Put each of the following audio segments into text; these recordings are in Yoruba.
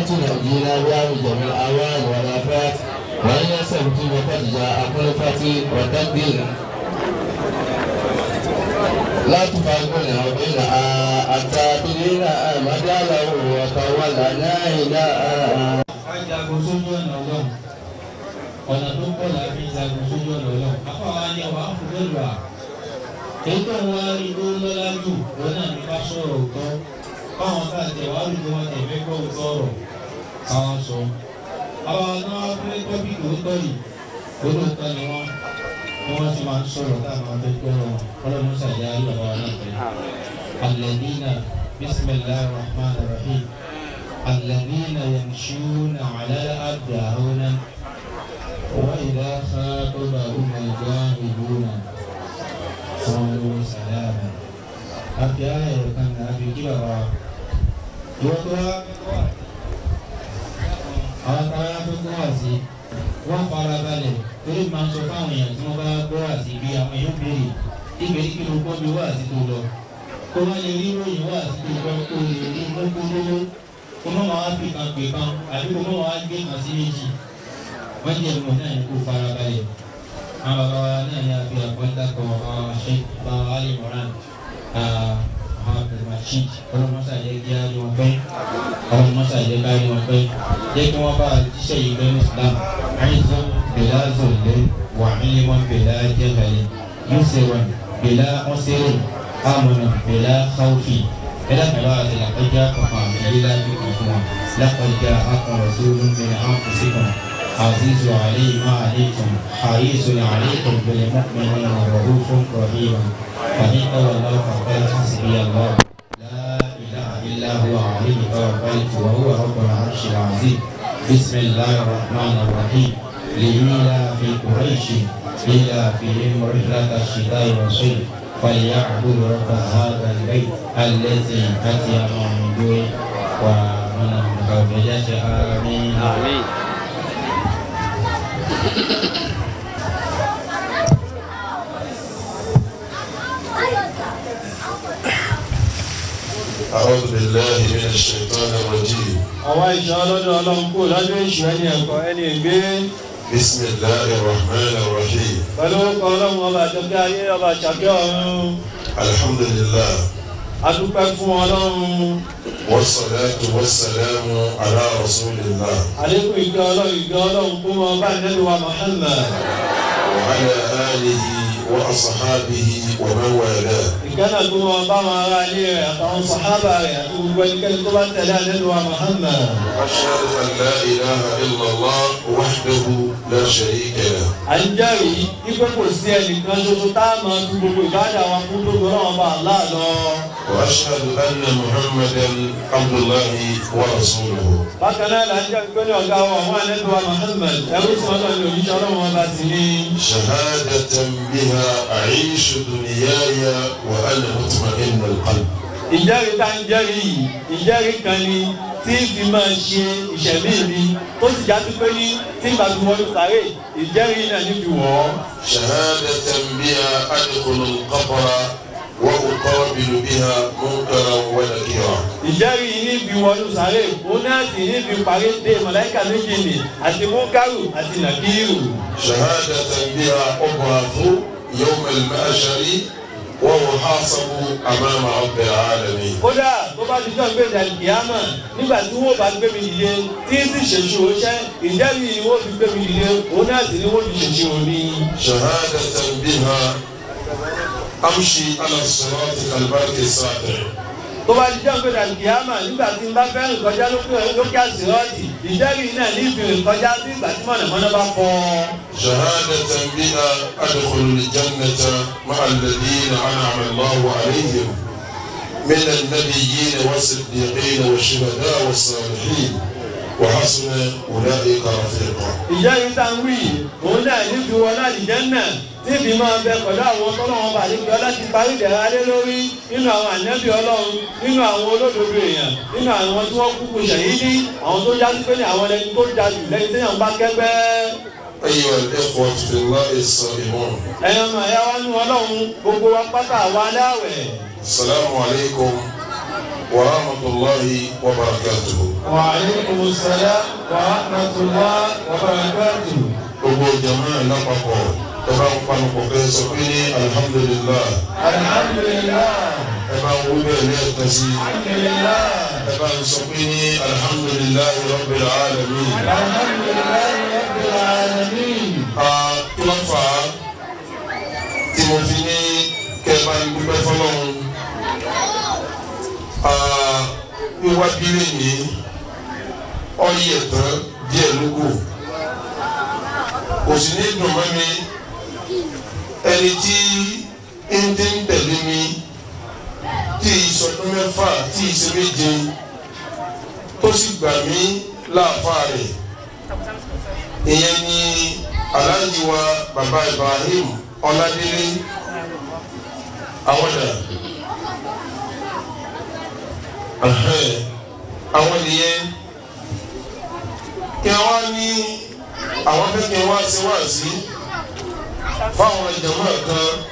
a آتنا دينا وأن جميع الأوان والآفات وأن يسبت وقد جاء خلفتي وتدبير لا تفرقنا بينها حتى تدينا مجاله وتولنا إلى jagun sójú ọ̀nà ọlọ́run ọ̀nà tó pọ̀ la fi jagun sójú ọ̀nà ọlọ́run afọwọ́ ni ọba afúnlẹ́lùwà èyí tó ń wá igbó lọ́lá jù lọ́nà nípa sọ̀rọ̀ òótọ́ báwọn ká tẹ̀ wá rúgbó wọn tẹ̀ fẹ́ gbọ́ òótọ́ ọ̀rọ̀ àwọn sọ àwọn àná abúlé tọ́bí ló ń gbọ́ yìí gbọ́dọ̀ ń tẹ̀lé wọn bí wọ́n ti máa ń sọ̀rọ̀ táwọn abẹ́ gbọ́rọ̀ ọlọ́run ṣàyà ìbàbá wa náà fẹ́. alladhina bismillahir rahmanir rahim alladhina yamshuna ala al-ardi hawnan wa idha khatabahum al-jahilun qalu salama. àti ayẹyẹ kan náà fi kí bàbá wa. yọ̀ọ́ àwọn táwọn tó gbọ́ àti wọ́n fara balẹ̀ torí máa ń sọ fáwọn èèyàn tí wọ́n bá gbọ́ àti ibi àwọn èèyàn béèrè ibẹ̀ kí ló gbọ́ bí wọ́n àti tó lọ kó wọ́n lè rí ròyìn wọ́n àti tó gbọ́ kó lè rí mọ́kó lówó kó mọ́ máa fi kan pè kan àbí kó mọ́ máa gbé kan sí méjì wọ́n jẹ́ ìmọ̀ náà ní kó fara balẹ̀ àwọn bàbá wa náà ní àfihàn pọ́ńtà kan àwọn àṣẹ bàbá wa lè mọ̀ràn àwọn abdulrasheed ọlọmọsà jẹ kí á rí wọn pẹ́ ọlọmọsà jẹ ká rí wọn pẹ́ jẹ kí wọn bá iṣẹ́ yìí bẹ ní islam àìsọ bẹlẹ azọlẹ wà nílé wọn bẹlẹ jẹgàlẹ yóò ṣe wọn bẹlẹ wọn ṣe rè amọnà bẹlẹ káwọfì bẹlẹ bẹlẹ àti làkọjá kọkàn àbẹlẹ kíkan fún wọn làkọjá akọrọ tó ń bẹlẹ àkọsíkan عزيز عليه ما عليكم حريص عليكم بالمؤمنين رؤوف رحيم فإن والله توكلت حسبي الله لا إله إلا هو عليه توكلت وهو رب العرش العظيم بسم الله الرحمن الرحيم لإيلاف قريش إيلافهم رحلة الشتاء والصيف فليعبدوا رب هذا البيت الذي أتيهم من جوع ومن مخافيته آمين آمين أعوذ بالله من الشيطان الرجيم àwa ìjọ ọlọ́dọ̀ ọlọ́run kò lọ́dún èṣù ẹni ẹ̀kọ́ ẹni ìgbé. بسم الله الرحمن الرحيم pẹ̀lú ọlọ́run ọba àjọkẹ́ ayé ọba àjọkẹ́ ọ̀run. الحمد لله adúpẹ́ fún ọlọ́run. wassalatu wassalamu ala rasulillah. àlékún ìgbẹ́ ọlọ́run ìgbẹ́ ọlọ́run kó mọ bá nílùú wa Muhammad. wa ala alihi. واصحابه ومن والاه. ان لا اله الا الله وحده لا شريك له. واشهد ان محمدا عبد الله ورسوله. bákan náà là ń jẹ́ pé ní ọ̀gá wa àwọn àlejò Muhammad ẹrú sọ náà ní òyìnbó ọlọ́run ọba ti ní. shahadatan biha aishu duniyaya wa ana mutma'inna alqalb. ìjẹ́rìí tá ń jẹ́rìí yìí ìjẹ́rìí kan ni tí fi máa ṣe ìṣẹ̀mí mi tó sì jáde pé ní tí n bá fi wọnú sáré ìjẹ́rìí náà ní fi wọ̀ ọ́. shahadatan wọ́n kò kọ́ bìlù bí ha mú tọrọ wọ́n lọ kí wọn. ìjẹ́rìí níbi wọnú sáré múnáàtì níbi parí dé màláíkà méjì ni àti múkàrù àti nàkírù. ṣàhádà tàbí a ọkọ̀ àfú yóò mẹ́lẹ́mẹ́ àṣàrí wọ́n wọ́n há sọ́kù àmàmà ọ̀bẹ àlẹ́mí. kódà tó bá ti dán gbèdà ìyáàmà nígbà tí wọ́n bá gbé mi dìde tí sì ṣèṣe oṣẹ́ ìjẹ́rìí ni wọ́n fi gbé mi dìde òun ni wọ́n fi ṣèṣe òní. ṣàhádà tàbí amúṣe alàṣọrọ ti alùbáríkè sáàtẹ. tó bá jíjọ́ pé dàlùkìyàmà nígbà tí n bá fẹ́ nkọjá lókè àṣírọ́ọ̀tì ìjẹ́rìí náà ní ìfìrì nkọjá bí ìgbà tí mọ̀nàmọ́ná bá kọ́. shahadatan biha adkhulul jannata ma'al ladina an'ama Allahu alayhim min an-nabiyyin was-siddiqin wash-shuhada was-salihin wa hasuna ulaika rafiqa. ìjẹ́rìí tá a ń wí òun náà ní ìfiwọ́n náà níbi máa bẹ pẹ̀lú àwọn tọ́lọ́wọ́n bá níbi ọlọ́tí parí ìdẹ̀ra lé lórí nínú àwọn ànábì ọlọ́run nínú àwọn olódodo èèyàn nínú àwọn tí wọ́n kúkú ṣèyídí àwọn tó jáde pé ní àwọn ẹni tó jáde lẹ́yìn téèyàn bá kẹ́gbẹ́. ẹyin wà lẹ́kọ̀ọ́ ti wá èso ìwọ̀n. ẹyin ọmọ ẹ̀yà wa nú ọlọ́run gbogbo wa pátá wa láwẹ̀. salamu alaykum wa rahmatulahi wa barakatuhu. wa aleykum salaam wa rahmatulahi wa barakatuhu. gbogbo jama lápapọ̀ ẹ bá wọn panu kò fẹ́ sọ pé ní alihamudulilayi. alihamudulilayi. ẹ bá wọn wúlò ní ẹ̀ka sí. alihamudulilayi. ẹ bá wọn sọ pé ní alihamudulilayi rabbil alamin. alihamudulilayi rabbil alamin. a tó fà á tí mo fi ní kẹ́ bá ń dúpẹ́ fọlọ́run. a wíwá bílẹ̀ ní ọ̀yẹ̀ tán díẹ̀ lóko. kò sí ní dùn mọ́ mi ẹni tí ń dín tẹ̀lé mi tí ìsọdún mẹ́fà tí ìṣe méje tó sì gbà mí láàfà rẹ̀ ìyẹn ni aláàjì wa bàbá Ibrahim Ọládélé àwọn dà àwọn nìyẹn kí wọ́n ní àwọn fẹ́ kí wọ́n á ṣe wá sí fáwọn jàmáà kan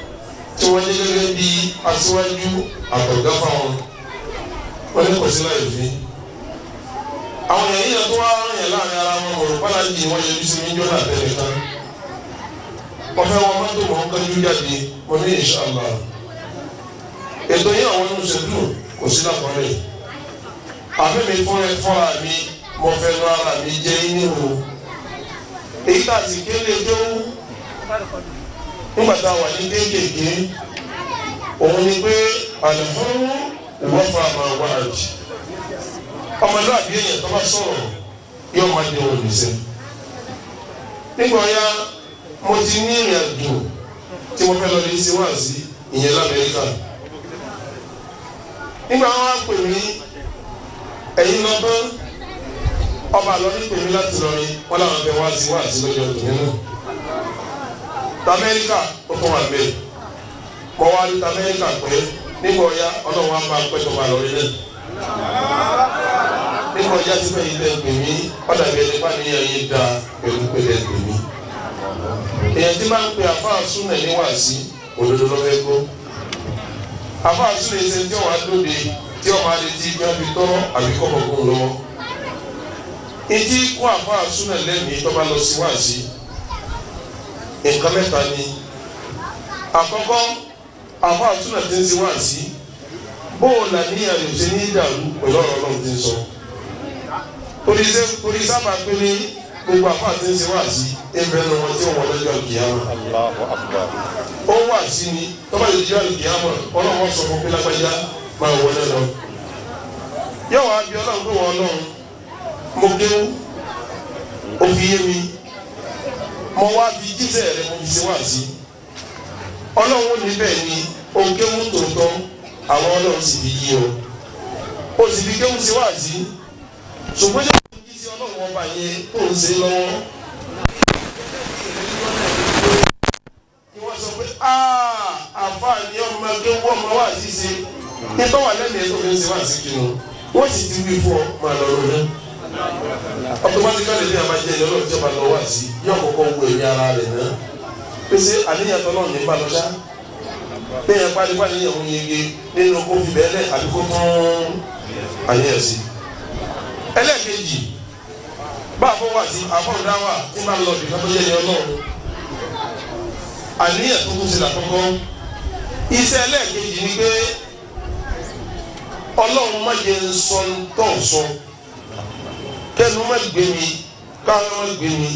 tí wọ́n jẹ́ gẹ́gẹ́ bí aṣíwájú àtọ̀gá fáwọn wọ́n ní kò sí láì fi. àwọn èèyàn yíyan tó wá rìn yẹn láàrin ara wọn ọ̀rọ̀ pálájì wọ́n yẹjú sí ní jọ́nà àtẹ̀lẹ̀ kan. wọ́n fẹ́ wọn mọ́tò wọn kánjú jáde wọ́n ní ìṣàlá. ètò yìí àwọn ọdún ṣèlú kò sí lápọ̀lẹ̀. àfẹ́mi fọ́ra mi mo fẹ́ lọ ara mi jẹ́ inú o. èyí tà sí nígbà tá a wà ní kéékèèké òun ni pé àlùfáà wọ́n fa àmà wá àjì ọmọlúwàbí èèyàn tó bá sọ̀rọ̀ yóò máa di òun nìṣẹ́ nígbà ya mo ti ní ìrìn àjò tí mo fẹ́ lọ lè ṣe wáàsí ìyẹn lamẹ́ríkà nígbà wọn á pè mí ẹ̀yin lọ́gbọ́n ọba àlọ́ ní pèmí láti lọ rí wọn làwọn fẹ́ wáàsí wáàsí lọ́jọ́ ìdùnnú náà tamẹ́ríkà ó tún wà bẹ́ẹ̀ kọ́ wa ní tamẹ́ríkà pé nígbà ọ̀ya ọlọ́run á máa pẹ́ tó máa lọ ilé nígbà ọ̀ya tí fẹ́ ilé gbèmí ọ̀dà bí ẹni bá níyàn yín da pẹ̀lú pẹ̀lú gbèmí. èèyàn tí máa ń pè àfáà súnmẹ̀ ní wàásí òdodo ló fẹ́ gbó àfáà súnmẹ̀ ṣe tí ọ̀wá lóde tí ọ̀wá lè ti gbé ọbí tọ́rọ̀ àbí kọ́kọ́ kún lọ́wọ́. etí kún àfáà súnmẹ̀ lẹ́mìí tó bá lọ sí wàásí nǹkan mẹ́ta ni àkọ́kọ́ àbá àtúnà tí ń ti wá sí bóun là ní àyè tí ní ìdàrú pẹ̀lú ọ̀rọ̀ ọlọ́run ti ń sọ orí sábà pé ní gbogbo àbá àti ń ti wá sí ẹgbẹ́ ní wọn tí wọn lọ́jọ́ ìkìyàmọ̀ ó wà sí ni tọ́ba yìí jẹ́ ìkìyàmọ̀ ọlọ́run sọ fún pé lágbájá máa wọlé lọ yóò wá bí ọlọ́run pé wọ́n lọ́run mo kéwú ó fi yé mi mo wá bí jíṣẹ́ rẹ mo fi ṣe wá sí ọlọ́run níbẹ̀ ni oge mú tòótọ́ àwọn ọlọ́run sì fi yí o ó sì fi kéwù sí wá sí ṣùgbọ́n ṣé kò ní sí ọlọ́run ọba yẹn tó ń ṣe lọ́wọ́. ni wọ́n sọ pé àfáà ni ọmọ ẹgbẹ́ wọ́n máa wá sí ṣe nítorí wà lẹ́nu ẹ̀ tó ń ṣe wá sí kinu wọ́n sì ti wí fún ọ máa lọ rọ̀ náà automatically ní abajẹ yọ lọ jọba lọ wá sí yọ kọ́kọ́ wo èmi ara rẹ náà pèsè àníyàn tọ náà ní balọjá bẹ́ẹ̀ pálípà níyàn ń yege nínú kó fi àbí kó tán sí. ẹlẹ́ẹ̀kejì bá a fọ wá sí àfọ̀dá wà tí máa lọ bìkan ọlọ́run àníyàn tó kù sí làkọ́kọ́ iṣẹ́ ẹlẹ́ẹ̀kejì ni pé ọlọ́run má jẹ́ sọ kẹnu má gbé mi káwọn má gbé mi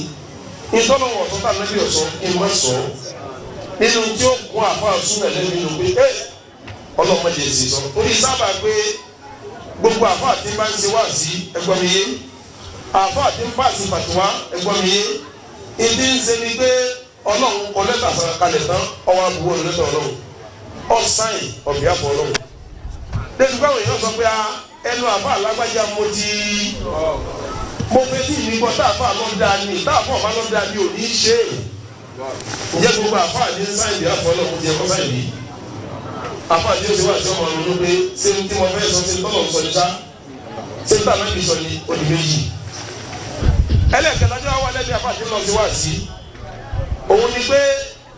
ìtọ́nà wọ̀ tó tàn lẹ́bi ọ̀sọ́ kí n má sọ nínú tí ó kún àpá àsúnà lẹ́bi ló pé ẹ ọlọ́mọdé ẹ̀sìn sọ orí sábà pé gbogbo àpá àti bá ń ṣe wá sí ẹgbọ́n mi yé àpá àti bá sí pàtùwá ẹgbọ́n mi yé ìdí ń ṣe ni pé ọlọ́run kọ lẹ́tà kalẹ̀ tán ọwọ́ àbúrò lẹ́tà ọlọ́run ọ̀sáìn ọ̀bí àpọ̀ ọlọ́run lẹ́nu báwo èèyàn sọ pé ẹnu àpá alágbájá mo ti mo fetí mi gbọ́ táàfà lọ́dà ni táàfà ọ̀bá lọ́dà ni ò ní ṣe ìyẹ́ gbogbo àfà ní sáyẹ̀dì àfọlọ́ kò jẹ́ kọ́sá yìí àfà ní oṣù wà tí ọmọ rẹ ló pé ṣé ní tí mo fẹ́ sọ ṣe tọ́lọ̀ sọ níta ṣé ní tàbí sọ ní òdì méjì ẹlẹ́ẹ̀kẹta tí wọ́n wá lẹ́bi àfà tí lọ́ọ́ ti wá sí òun ni pé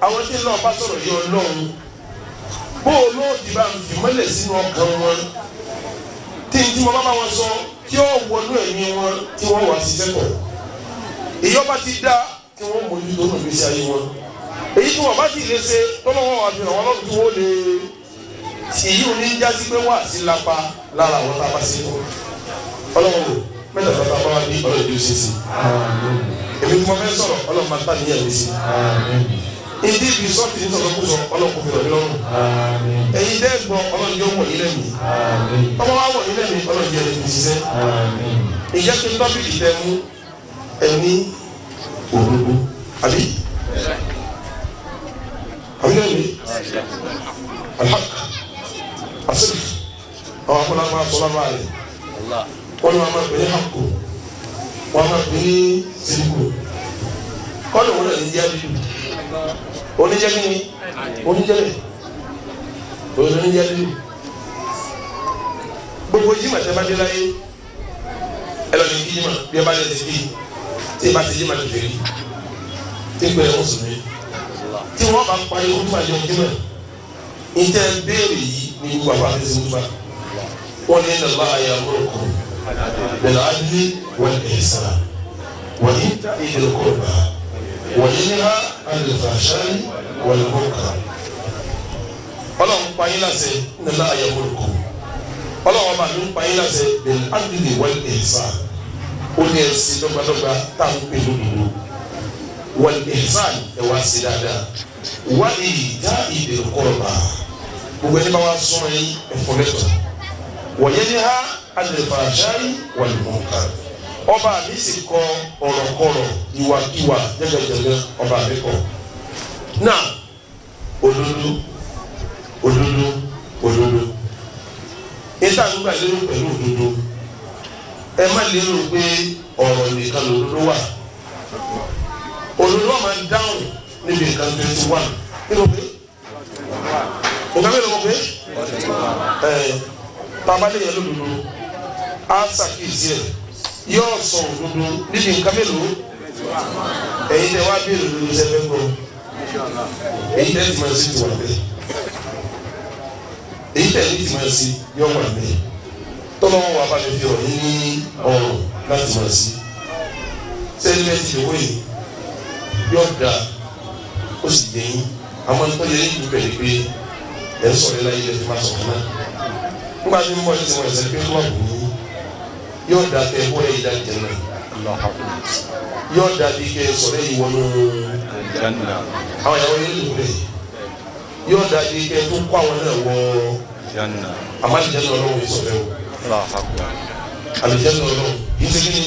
àwọn tí lọ́ọ́ bá sọ̀rọ̀ yọ ọlọ́run bó o lóòdì bá ń fi mọ́lẹ̀ sínú ọkàn wọn tí n tí mo bá bá wọn sọ tí ó wọnú ẹ̀mí wọn tí wọ́n wà sí sẹ́kọ̀ọ́ ìyọba ti dá tí wọ́n mọ ojútó nínú ìgbésí ayé wọn èyí tí wọ́n bá ti lè ṣe tọ́lọ́wọ́ wà fi hàn lọ́dún tí wọ́n lè èyí ò ní já pé wà sí lápá lára àwọn tá a bá ṣe kọ́ mẹ́ta bàbá bá wà ní ọ̀rọ̀ ìdí òṣèṣì èmi tí fẹ́ sọ̀rọ̀ ọlọ́run máa gbà níyàwó sí i ebi bi sọ́ọ̀tì ní sọ̀rọ̀ kúsọ̀ ọlọ́kùn fi rọ̀bí lọ́rùn. ẹ̀yin dẹ́ gbọ́ ọlọ́run yóò wọ̀ yín lẹ́nu. ọmọ wa wọ̀ yín lẹ́nu ọlọ́run yóò lẹ́nu ṣiṣẹ́. ìjẹ́ kí n tọ́ bí ìfẹ́ mú ẹni òdodo àbí. àbí lẹ́nu alhaq asif àwọn akọ́lámọ́ akọ́lámọ́ àlè wọ́n ní wọ́n máa pè ní hako wọ́n máa pè ní siriku kọ́ni wọ́n náà ní yá bíbí oníjẹ́ kí ni oníjẹ́ lẹ̀ oṣù oníjẹ́ lẹ̀ gbogbo jimá tẹ́ bá dé láyé ẹ lọ́ọ́ ní jimá bí ẹ bá dé ti bí tí ẹ bá ti jimá ti fèrè tí gbẹ ẹ̀ oṣù mi tí wọ́n bá parí ojú àjọ jimá ìtẹ́ béèrè yìí ní gbogbo àwọn àfẹsẹ̀ ojú bá wọ́n ní ẹ̀ lọ́ọ́ àyàwó ọkọ̀ bẹ̀rẹ̀ adúlé wọ́n ẹ̀ sàn wọ́n ní ìdílé kọ̀ọ̀bà wọ̀nyíníhá alìfàṣáyí wọ̀lùmọ́kà ọlọ́run pa yín láṣẹ nílá àyẹ̀wò olùkọ́ ọlọ́run ọba mi ń pa yín láṣẹ bẹ́ẹ̀ ádìlì wọ́n ẹ̀sà ó ní ẹ̀sìn dọ́gbadọ́gba tá à ń pè lódodo wọ́n ẹ̀sà ẹ̀ wá sí dáadáa wá èyí dá ìbèrè gbogbo ẹni bá wá sún ẹ̀yìn ẹ̀fọ́ lẹ́tọ̀ wọ̀nyíníhá alìfàṣáyí ọba mi sì kọ ọ̀rọ̀kọ̀rọ̀ ìwàkiwà jẹ́gẹ́jẹ́gẹ́ ọba mi kọ. náà òdodo òdodo òdodo ìta nígbà lérò pẹ̀lú òdodo ẹ má lérò pé ọ̀rọ̀ nìkan lòdodo wà òdodo máa dáhùn níbi nǹkan tó ti wà nínú pé nǹkan mélòó mọ̀ pé ẹ tábàlẹ̀ yẹn lòdodo á sàkíyèsí ẹ̀ yóò sọ òdodo níbi nǹkan mélòó ẹ̀yin tẹ wá bèrè lórí sẹ́fẹ́ gbọ́ èyí tẹ́ ti máa sí ti wà bẹ́ẹ̀ èyí tẹ́ ti máa sí yọ wà bẹ́ẹ̀ tọ́lọ́ wọn wà balẹ̀ fi ọ̀rọ̀ ní ọ̀rọ̀ láti máa sí sẹ́fẹ́ ti wọ́ yìí yóò da ó sì dé yín àwọn tó yẹ yín bẹ̀rẹ̀ pé ẹ̀ ń sọ̀rọ̀ ẹ̀ láyé ẹ̀ fi máa sọ̀rọ̀ náà nígbà tí mo wà ti wọ̀ ẹ̀ sẹ́fẹ́ tó wà wọ̀ yóò da kẹ bóra yìí da jẹnna yóò da bi kẹ sọrọ yìí wọnú jẹnna àwọn yàrá yìí lù bẹ yóò da bi kẹ tó kọ àwọn náà wọ jẹnna a ma jẹnna lọ́wọ́ yìí sọfẹ o a bẹ jẹnna lọ́wọ́ yìí tẹ kini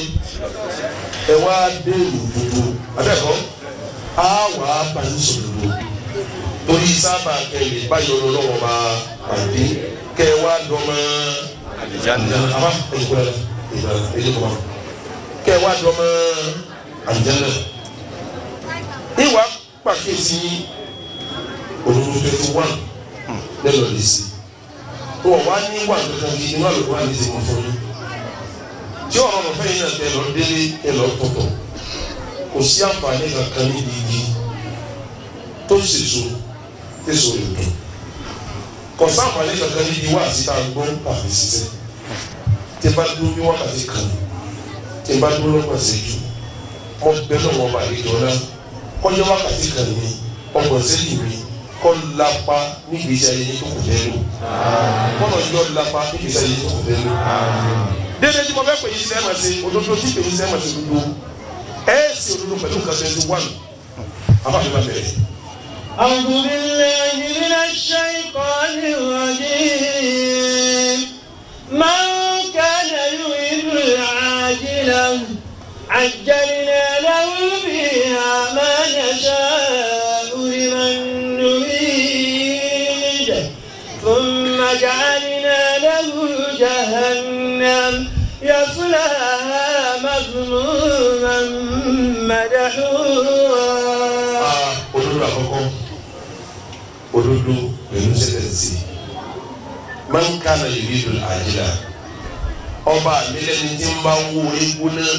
ẹ wá dé lùdùdù abẹ́kọ̀ á wà á bá yín sọ̀rọ̀ torí sábà kẹlẹ̀ báyọ̀ lọ́wọ́ bá pàdé kẹ wá dọ́mọ́. Aljanna. Ama, ìjọba kẹ wá dọmọ àjẹnà ìwà pàkíyèsí olùdókòwò twenty one lẹ́nu ọ̀dẹ̀sì tó wà wá ní wà kankan bíi inú àlùkò wà ní ti mọ̀ fún yín tí ọ̀rọ̀ lọ fẹ́yìn náà tẹ̀ lọ délé ẹ̀ lọ tọ̀tọ̀ kò sí àǹfààní kankan níbi igi tó sì so èso rẹ̀ dùn kò sí àǹfààní kankan níbi wá àti tá a gbọ́ àfi sísẹ́ tí bá dúró ní wákàtí kan tí bá dúró lọ́gbọ̀n ṣẹ́jú mo bẹ̀ lọ́wọ́ ọba àlejò kọjá wákàtí kan mi ọgbọ̀n ṣẹ́jú mi kọ́ lápá níbi iṣẹ́ ayé tó kù fẹ́ kọ́nà yọ lápá níbi iṣẹ́ ayé tó kù fẹ́ dédé tí mo fẹ́ pè yín sẹ́ẹ̀ mà sí òdodo tí pè yín sẹ́ẹ̀ mà sí òdodo ẹ̀ sì òdodo pẹ̀lú nǹkan twenty one àbáfẹ́ bá bẹ̀rẹ̀. أعوذ بالله من الشيطان الرجيم عجلنا له فيها ما نشاء لمن نريد ثم جعلنا له جهنم يصلاها مذموما مدحورا òdodo pẹ̀lú sẹ́kẹ̀sì máa ń kánà ìrírí àjílà ọba àmì lẹ́ni tí ń bá wó egbó náà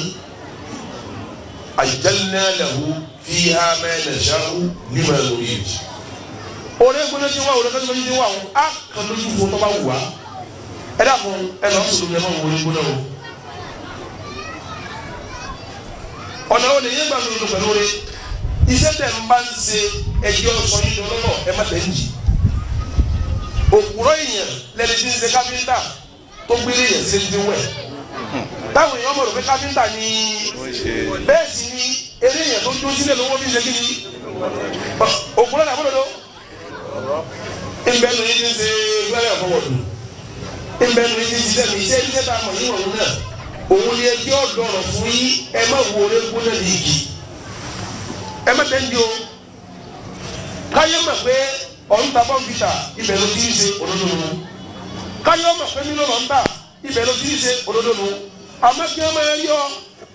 àṣìjẹ́nà lẹ́hu fi ha mẹ́rin ṣáú nígbà lórí. òde gbọ́dọ̀ ti wá òde gbọ́dọ̀ ti wá òun á kàn lójú fún tọ́ba wù wá ẹ dàpọ̀ ẹ lọ́ sọ̀rọ̀ ẹ má wọlé gbọ́dọ̀ o. ọ̀nà wo lè yẹ gbà lóru pẹ̀lú rẹ iṣẹ́ tẹ̀ ń bá ń ṣe ẹjẹ́ ọ̀sọ́ yìí lọ́wọ́ ẹ má tẹ̀ ń jì. òkúrọ̀ èèyàn lẹ́ni tí ń ṣe káfíńtà tó gbélé yẹn ṣe ń dín wẹ̀ táwọn èèyàn mọ̀ rò pé káfíńtà ni bẹ́ẹ̀ sì ni eré yẹn tó dúró sílẹ̀ lówó bí ṣe kí ni òkúrọ̀ náà bọ́dọ̀ tó nbẹ nu yín ṣe wẹ́rẹ́ ọ̀fọwọ́dù nbẹ nu yín ṣe mi ṣe iṣẹ́ tá a mọ̀ yín wọ̀nyí náà òun ni ẹjẹ́ ọ̀dọ́rọ̀ fún yín ẹ má wo orégún náà ní ìgì ẹ má tẹ́ndí o káyé mọ̀ pé ọ̀run ta bọ́ǹfìtà ibẹ̀ ló ti ń ṣe òdodo nù káyé mọ̀ pé mílíọ̀nù ọ̀ǹtà ibẹ̀ ló ti ń ṣe òdodo nù àmọ́ kí wọ́n máa yọ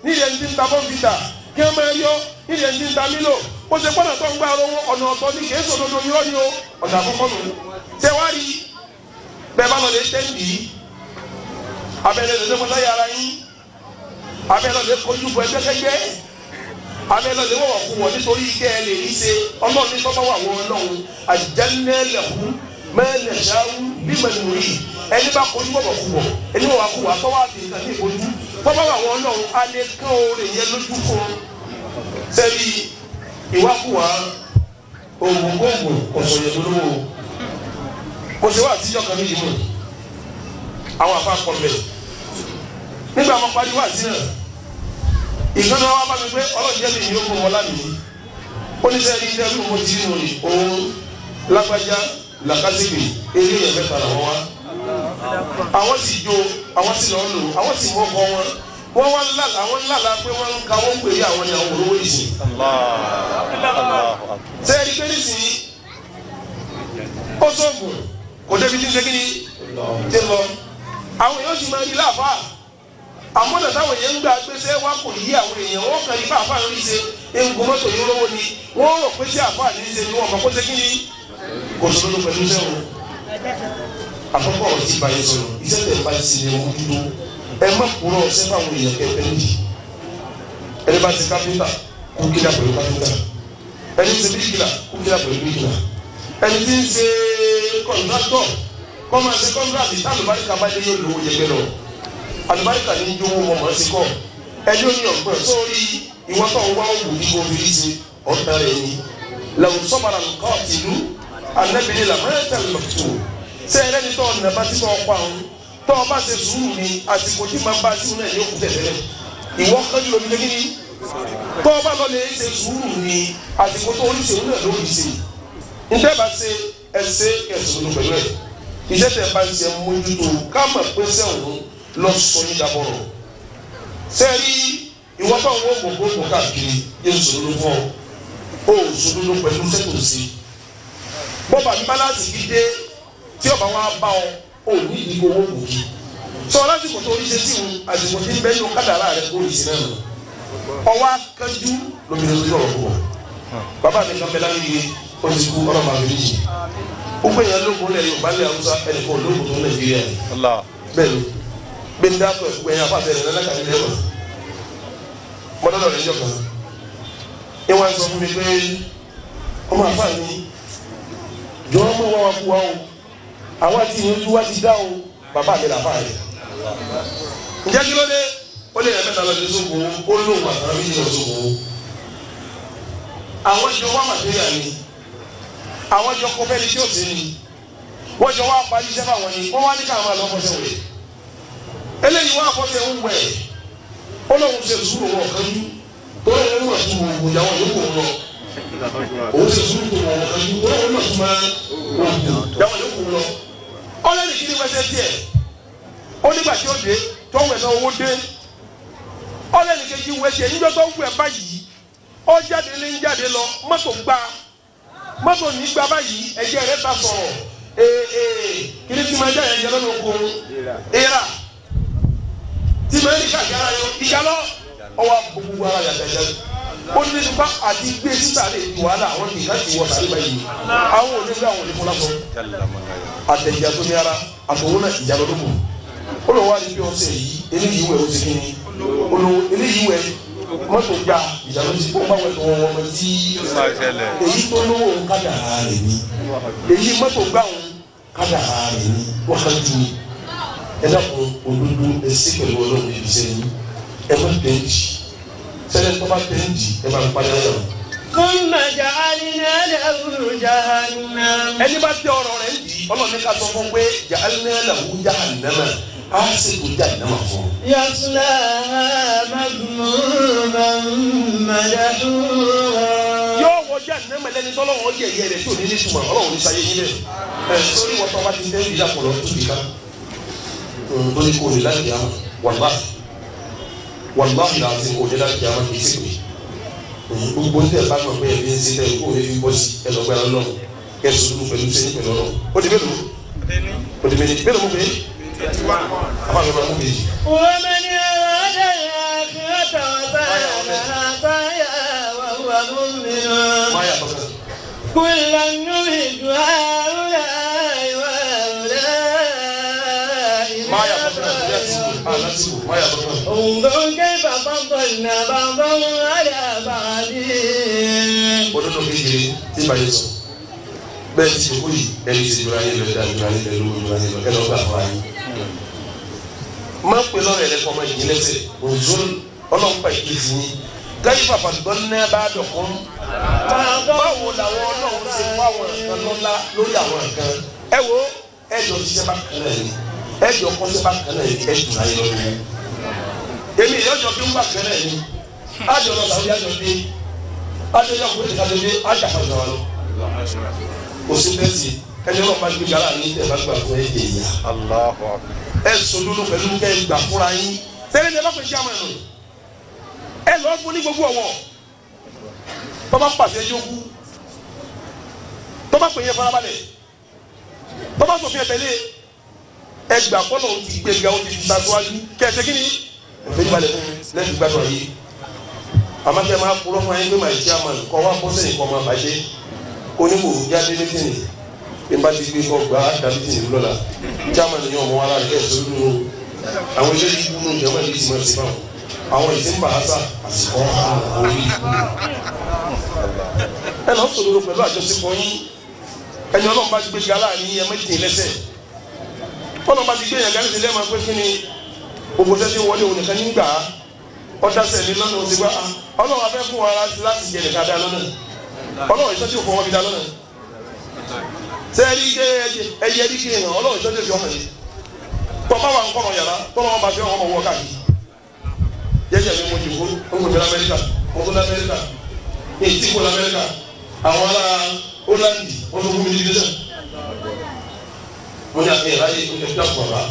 ní ilẹ̀ ní ta bọ́ǹfìtà kí wọ́n máa yọ ní ilẹ̀ ní ta mílò kó ṣe pọ́nà tó ń gbà lọ́wọ́ ọ̀nà ọ̀tọ̀ ní kìí sọ̀rọ̀ lórí ọ̀nì o ọ̀dà àkọ́kọ́ nù. ṣé wàá rí bẹ́ẹ̀ bá lọ lè tẹ́ǹdì yìí abẹ́lẹ́ lè lọ́kọ́ láyé ara yín abẹ́lẹ́ lè kojú bọ ẹgbẹ́ kẹ́kẹ́ abẹ́lẹ́ lè wọ̀wọ̀ kú wọ̀ nítorí kẹ́ ẹ lè ṣe ọlọ́run ní ẹni bá kojú wọ̀wọ̀ kú wọ̀ ẹni wọ̀wọ̀ kú wọ̀ àtọ́wọ́ àti ìtàn ní ìfojú tọ́ba wà wọn náà a lè kán orin yẹn lójú kan sẹ́ni ìwákùwà ògùngógùn ọ̀sọ̀ yẹn lólówó kò sí wà àtijọ́ kan níbi mọ̀ àwọn afa kọ bẹ̀ nígbà wọn parí wà sí náà ìgbóná wa bá mi pé ọlọ́ọ̀jẹ́ mi yóò mú wọn lánàá ó ní sẹ́ni ní ẹgbẹ́ mo ti rìn òun lágbájá làkàtìkì eré yẹn mẹ́ta làwọn wá àwọn sì yo àwọn sì lọ lò àwọn sì wọ́kọ wọn wọ́n wá ńlá àwọn ńlá la pé wọ́n ń ka wọ́n pè é àwọn ní àwọn olówó yìí sí. sẹ́ẹ̀dì pé nísìnyí ó sọ̀gùn kò débi tí ń segin ní ti lọ àwọn èèyàn sì máa ń rí láàfà àwọn ọ̀nà táwọn èèyàn ń gbà gbèsè wá kò yí àwọn èèyàn wọ́n kàn yí bàbá rí ṣe egungun mọ́tò yìí lówó ni wọ́n rò pé sí àbá àdéhìí ṣe ni wọ́n kàn kó segin ní kò sọ́dọ̀ pẹ̀lú sẹ́wọ̀n àkọ́kọ́ ọ̀rọ̀ tí báyìí sọ̀rọ̀ iṣẹ́ tẹ̀ bá ti ṣe ẹ̀mú dúró ẹ má kúrò ọ̀sẹ̀ fáwọn èèyàn kẹ́kẹ́ méjì ẹni bá ti kápẹ́ntà kó kílà pẹ̀lú kápẹ́ntà ẹni ti bíkìlà kó kílà pẹ̀lú bíkìlà ẹni ti ń ṣe kọ̀ǹtàtọ̀ kọ́ máa ṣe kọ́ńtàtì alùbáríkà bá dé yóò lówó yẹgbẹ́ lọ alùbáríkà ní yówó mọ̀ mọ́ sí kọ́ ẹni ó ní ọ̀gbọ́n sórí ìwọ́tọ̀ wá òwò ní gbòòrò yìí ṣe ọ̀tá rẹ̀ ni làwọn sọ́mọ́ra nǹkan ọ̀tìlú anábìrin làmọ́ẹ́tẹ̀ lọ́tò tẹ́ ẹ lẹ́ni tọ́ ọ̀nà bá ti tọ́ ọkọ àwọn tọ́ ọ bá ṣe sùúrù ni àsìkò tí màá bá sùúrù náà yóò kú tẹ̀lé ìwọ kánjú lómi lé kíní tọ́ ọ bá lọ lè ṣe sùúrù ni àsìkò tó orí ṣe náà lórí ṣe iṣẹ́ bá ṣe ẹ ṣe ẹ̀sùn ló pẹ̀lú ẹ̀ iṣẹ́ tẹ̀ bá ṣe mójútó ká mọ̀ pé sẹ́wọ̀n lọ sọ ní dàbọ̀rọ̀ sẹ́ẹ̀rí ìwọ tó ń wọ́n káàkiri yóò sọ tí ọba wa bá ọ ò ní ìdíkò owó kù yìí sọ lásìkò tó oríṣi sí wọn àsìkò tí ń bẹ yóò kádàrá rẹ kó oríṣi náà ọwọ́ akẹ́jú lómìnira lórí ọ̀rọ̀ fún bàbá mi kan bẹ láyé yìí ó ti ó pè yẹn lóògùn lẹ̀ Yorùbá lẹ̀ Haúsá ẹnì kan tó Nàìjíríà bẹ́ẹ̀ ni bẹ́ẹ̀ ni dáàbò ẹ̀kú ẹ̀yà fàbẹ̀ rẹ̀ lẹ́lẹ́kàá àwọn àti ìwé olúwa ti dá o bàbá mi làbá rẹ ǹjẹ́ kí ló dé ó lè mẹ́ta lọ sí sóko ó lóun àtàrà méjì lọ sóko àwọn jọ wá màtíríà ni àwọn jọ kọ fẹ́ni tí ó sì ni wọ́n jọ wá parí iṣẹ́ fáwọn ni wọ́n wá ní káwọn àlọ́ fọ́sẹ̀ wẹ̀ eléyìí wọ́n afọ́sẹ̀ ń wẹ̀ ó lóun ṣe sùúrù wọn kan ní tó lóun ń wà sùn òògùn ìyàwó yòókù wọn òun ṣe sùúrù wọn kan ní tó lóun ń wà sùn òògùn ìyàwó yòókù wọn ọlẹ́ni kí ni wẹ́sẹ̀ tiẹ̀ ó nígbà tí ó dé tó wẹ̀ náà owó dé ọlẹ́ni kejì wẹ́sẹ̀ níjọ́ tó wẹ̀ báyìí ó jáde lé ń jáde lọ mọ́tò gbá mọ́tò ní gbá báyìí ẹ̀jẹ̀ rẹ̀ ta sọ̀rọ̀ ee kí ni tí ma jẹ́ ẹ̀jẹ̀ lọ́nà oko ìra tí ma ń rí kàkẹ́ ara yọ ìyálọ́ ọwọ́ gbogbo ara yàtọ̀ ìyálọ́ ó ní nípa àti gbé wàhálà àwọn kì láti wọ sáré báyìí àwọn òní bí àwọn onímọ̀lá sọ àtẹ̀jà tó ní ara àtọ̀wọ́ náà ìjà lọ́dún kù ó lọ wá ní ọ̀sẹ̀ yìí eléyìí wẹ̀ ó ti kí ni eléyìí wẹ̀ mọ́tò gba ìjà lọ́dún sí pọ́ńpá wẹ̀ lọ́wọ́ wọn tí èyí tó lówó kádà rẹ̀ ni èyí mọ́tò gbà wọn kádà rẹ̀ ni wọ́n kàn ju ẹ dákun òdodo ẹ sí ọlọ́run ìbísẹ́ yìí ẹ bẹ́ẹ̀ jì sẹ́lẹ̀ tó bá tẹ̀ jì ẹ bá ń parí ọ̀dọ̀. fún màjà alínàlẹ̀ àwùjá àná. ẹni bá tẹ ọ̀rọ̀ rẹ̀ jì ọlọ́run ká sọ fún pé jà alínàlẹ̀ àwùjá àná a sì kò jà àná mà fún. yasula magmura madahura. yóò wọ jà àná mà lẹni tọ́lọ́wọ́ yẹ yẹ rẹ̀ tó ní ní sùnmọ̀ ọlọ́run ní sáyé nílẹ̀ ẹ̀ sórí wọ́n tọ́ wàlúwàhùn láti òjòdà kí a máa fi sí gbogbo ní ẹ̀ka kan pé ẹ̀mí ẹ̀sìn tẹ̀ kó ẹ̀mí bọ́ sí ẹ̀lọ́gbẹ́ ọlọ́run kẹ́sì sùúrù pẹ̀lú sẹ́yìn pẹ̀lú ọlọ́run ó di mélòó ó di mélòó mélòó mú pé àbá mi máa mú pé. wọ́n ní ọ̀rọ̀ ọ̀dẹ̀ àkọ́tà ọ̀tá àtàyà wà wà mú mi lọ. kúlọ̀ nù ìdúrà rúra. انظر كيف فضلنا بعضهم على بعض. olódò kékeré tí bàjẹ́ sọ bẹ́ẹ̀ ti ṣe kóyì ẹni ti dùn ayé lọ dáa dùn ayé lọ lówó dùn ayé lọ kẹ́lọ́ gbà fún ayé. má pè lọ́rẹ̀ rẹ fọmọ yìí lẹ́sẹ̀ òjò ọlọ́mpa yìí fún yín láyé bàbá gbọ́nà bá dọ̀kún. báwo làwọn ọlọ́run ṣe fún àwọn nǹkan lọ́la lórí àwọn nǹkan ẹ wo ẹ jọ ṣiṣẹ́ bá kẹlẹ́ yìí ẹbí ọkọ ní bákan náà ẹbí náà yọ ní. èmi ìyọjọ bí ń bá kan náà ájọ lọ làwọn yájọ bí ájọ yọ kúrò nípa dédé ájà kan náà lọ. òsì bẹ́ẹ̀sì ẹni wọn bá gbé gàrà ní ẹ̀fà gbà fún ẹ̀yẹ ìyá. ẹ sọdúnú pẹ̀lú kẹ́ ẹ gbà fúnra yín tẹ́lẹ̀ ní ẹ bá fẹ́ jẹ́ àmọ́ ẹ̀rọ ẹ lọ́ọ́ fún ní gbogbo ọ̀wọ́ tọ́ba pàṣẹ yókù tọ́ba pè é farabalẹ̀ tọ́ba sọ̀fin ẹ̀tẹ̀lé ẹ gbà kọ́nà ó ti gbé ga ó ti gbà tó wájú kẹsẹ̀ kí ni ẹ̀fẹ́ balẹ̀ lẹ́sìn gbàdọ̀ yìí àmọ́ kẹ́ máa kúrọ́ fún ayé pé màá ṣe àmọ́ nǹkan wá fọ́ sẹ́yìn kan máa bàjẹ́ onímọ̀ jáde létí ni bá ti gbé kọ́ gbà dàbí tì ní lọ́la jáàmà ni ọmọ ara rẹ̀ kẹ́sì ló lò àwọn ilé ìlú nù jẹ́wọ́ ní ìsìn mọ́tì fáwọn àwọn ìsìn bàásà àsìkò orí ẹ lọ sọ̀rọ̀ pẹ̀lú àjọṣepọ̀ yín ẹni ọlọ́run bá ti gbé ga láàrin ẹmẹ́tì lẹ́sẹ̀ tọ́lọ́ bá ti gbé yàn gánà sílẹ̀ máa pé kí ni òkòtẹ́ ti wọlé òun nìkan nígbà ọ̀dàṣẹ̀ ní lọ́nà òsì gbá ọlọ́run afẹ́ fún wa láti jẹ nìkan dá lọ́nà ọlọ́run ìtọ́jú fún wọn fi dá lọ́nà sẹ́ẹ̀rí ẹyẹ ẹdí kí èèyàn ọlọ́run ìtọ́jú fi ọmọ yìí tọ́ba wa ń kọ́ ọ̀yàrá tọ́ba wọn bá fi ọmọ wọ káàkiri yẹ́sẹ̀ mi mo jìbó ó gbèdé lamẹ́ríkà mo tó lamẹ́ríkà èyí tí kò lamẹ́ríkà àwọn ará Holland wọ́n tó fún mi ní ìdílé náà mo ní àfihàn láyé ẹ̀dá pọ̀ra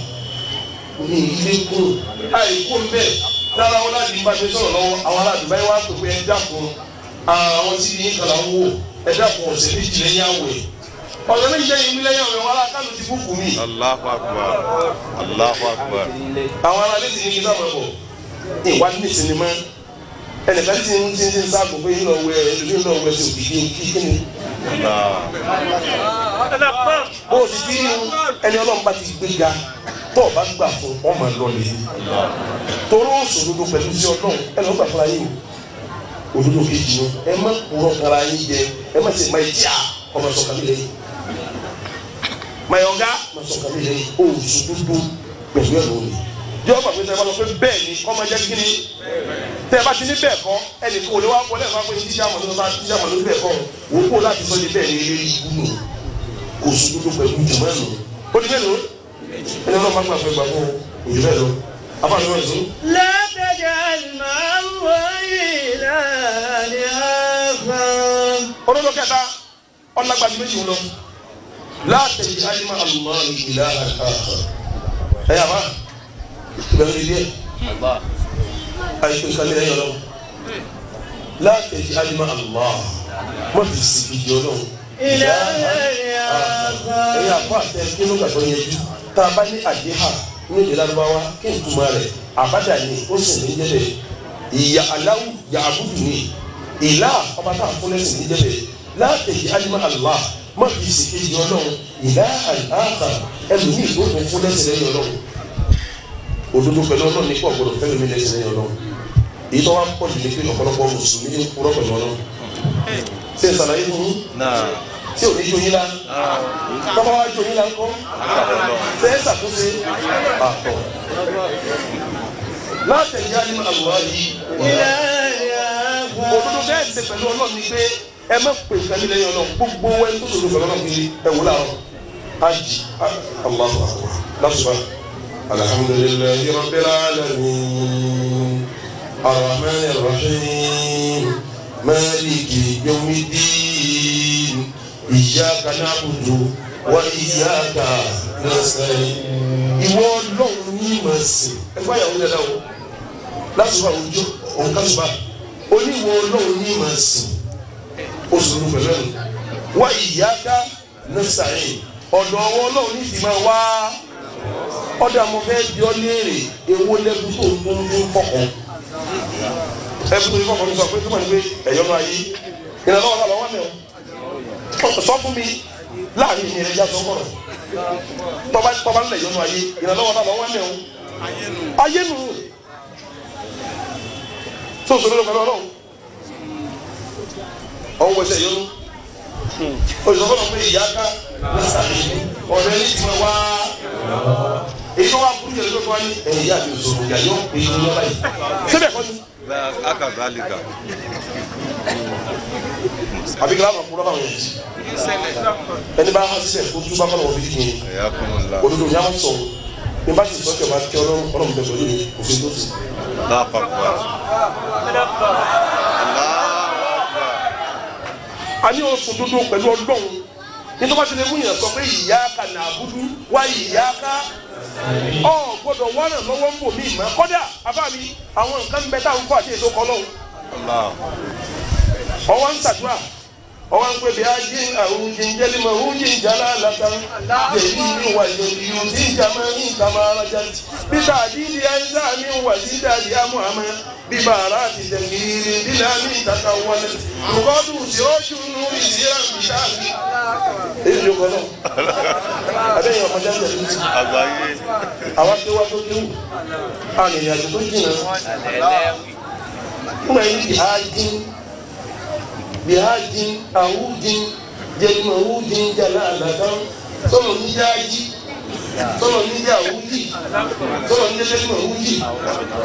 mi ilé kún àì kún bẹ́ẹ̀ dára wọn láti bá ṣe sọ̀rọ̀ lọ́wọ́ àwọn aládùúgbò yẹn wá tó pé ẹ̀dá kun àwọn tí yín kàlà ń wò ẹ̀dá kun ọ̀sẹ̀ méjì lẹ́yìn àwẹ̀ ọ̀sẹ̀ méjì lẹ́yìn lẹ́yìn àwẹ̀ wọn alákàlù ti bùkù mi. Allahu akbar Allahu akbar. àwọn aládé ti ní sábà bọ̀ ìwà ní sinimá ẹnìkan ti ń ti ń sáàbò pé ńlọ wẹ bó o sì ti ẹni ọlọ́run bá ti gbé ga tó o bá gbà fún ọmọ ẹ lọ́lẹ̀ torí ó sòdodo pẹ̀lú sí ọlọ́run ẹni ó gbà fúnra yìí òdodo kejì ni ẹ má kúrọ̀ fúnra yín jẹ ẹ má sì má ẹ jíà ọmọ sọ kàmílẹ̀ yìí mayọ̀gá ọmọ sọ kàmílẹ̀ yìí ó sòdodo pẹ̀lú ẹ̀ lọ́lẹ̀ yọ ọgbà pé tẹ bá sọ pé bẹ́ẹ̀ ni kọ́ máa jẹ́ kí ni tẹ bá ti ní bẹ́ẹ̀ kọ́ ẹnì kò lè wá wọlé ẹ̀fọ́ pé jíjà mọ̀ ló bá jíjà mọ̀ ló bẹ́ẹ̀ kọ́ wò kó láti sọ ní bẹ́ẹ̀ ni eré ìwúlò kò sùkúrú pẹ̀lú jùmọ̀ ẹ̀lò ó di mélòó ẹni ọlọ́pàá gbà pé gbà òjò bẹ́ẹ̀ lọ abáàlú wọn tún. lẹ́tẹ̀jẹ̀ máa ń wọ ìlànà àfọ̀n. olódò kẹta ọlágbàdì méjì wọn lọ látẹ̀jẹ̀ ìbẹ̀rù ilé àìsàn kan lẹ́yìn ọlọ́run láti ẹ̀jẹ̀ àdìmọ́ àlùmọ́ wọ́n fi sí ìdí ọlọ́run. ìyá ẹ̀yà fún àtẹ kí ló gbàgbọ́ yẹn jù tá a bá ní àdéhà ní ìdílé arúgbáwá kí n túmọ̀ rẹ̀ àbádà ni ó sì ní jẹ́bẹ̀ ìyá aláwù yà àbúrò ni ìlà ọba tá a fún lẹ́sìn ní jẹ́bẹ̀ láti ẹ̀jẹ̀ àdìmọ́ àlùmọ́ wọ́n fi sí ìdí ọlọ́run ìlà àlùmọ́ ẹlòmíì tó kún fún lẹ́sìn lẹ́yìn ọlọ́run òdodo pẹ̀lú ọlọ́run nípa ọ̀gbọ́dọ̀ pẹ̀lú mi lẹ́sìn lẹ́yìn ọlọ́run èyí tó wá pọ̀ jù ní pé ọ̀pọ̀lọpọ̀ mùsùlùmí ń kúrọ̀ pẹ̀lú ọlọ́run ṣé ìsàlàyé fún yín tí ò ní jó yín la bàbá wa jó yín la ńkọ́ ṣé ẹ ṣàtúnṣe àtọ̀ látẹ̀yà ní àwòrán yìí òdodo ṣe pẹ̀lú ọlọ́run ni pé ẹ má pè nǹkan nílẹ̀ yẹn ọlọ́run gbogbo wẹ́n tó tòdodo pẹ̀lú ọlọ́run kiri ẹ wò láàárọ̀ ájì Allahu akbar lásùbà. الحمد لله رب العالمين الرحمن الرحيم مالك يوم الدين إياك نعبد وإياك نستعين ìwọ Ọlọ́run ní màá sìn ẹ fọ àyàwó yẹn dáwọ láti wà ojú òun kásùbà ó ní ní màá sìn ó sì lù wá ìyá ká nẹ́sàáyé ọ̀dọ̀ ọwọ́ Ọlọ́run ní ti wá ọdọ àwọn fẹẹ di ọ léèrè èwo lẹbi tó ń mú ní kọkọ ẹbí tó ní kọkọ ní pé túmọ̀ ní pé ẹ̀yọ́ máa yí ìlànà ọ̀la lọ́wọ́ mi sọ fún mi láàrin ìyẹn ẹja tó ń kọ̀rọ̀ tọ́ba tọ́ba ńlẹ̀ yọnu ayé ìlànà ọ̀la lọ́wọ́ mi ayé nu tó sọ lórí ọ̀gá lọ́wọ́ ọ̀hún wẹ̀sẹ̀ yọnu olùsọ́fọ́nù pé ìyá ká wọ́n ṣàlùyé ọ̀rẹ́ ní tiwọn wá èyí tó wà burú yẹn ló fọ́ ní ẹ̀yà mi ò sọ̀rọ̀ yà yọ̀ pé ìyá báyìí síbẹ̀ kọ́ ni. akadalika. àbí kíláàmù àkúrọ̀ báwọn yẹn ẹni bá wá sísẹ̀ kó tún bá kọ́nà wọ́n bí kí ni òdodo ní àwọn sọ̀rọ̀ ní bá ti sọ́kẹ̀ máa kí ọlọ́run ọlọ́run bẹ̀ pẹ̀lú òfin tó sùn a ní oṣù dúdú pẹ̀lú ọlọ́run nítorí wọ́n ti lè mú yàn sọ pé ìyá ka nà àbúdú wá ìyá ká ọ gbọ́dọ̀ wọ́nà lọ́wọ́ ń bò mí mọ́ kọ́dà bàbá àwọn nǹkan ń bẹ tá ń kọ́ àti èso kọ́ lọ́hùn. ọwọ́ ń tàdúrà ọwọ́ ń pè bí ajé àrùn jíjẹ́lì mọ̀ ń jí ìjàlá làtà èyí wà lórí ohun tí máa ń kà máa rájà bí tàdí di ẹni sáà ní wà sí dàdí àmọ́ ببارات جميل بلال تطولت تقاد زوج نور زيرا مشان èyí yóò kọ́ náà abẹ́yẹn ọmọdé ń tẹ̀lé ti àwa tó wá tó kéwù àlèyàjò tó jìnnà fún ẹ̀yìn bìhájín bìhájín àwùjín jẹ́nu àwùjín jẹ́nu àgbàdàn tó mọ̀ níjájí tọ́lọ̀ ní yàwó yì tọ́lọ̀ ní lẹ́lẹ́mọ̀ wú yì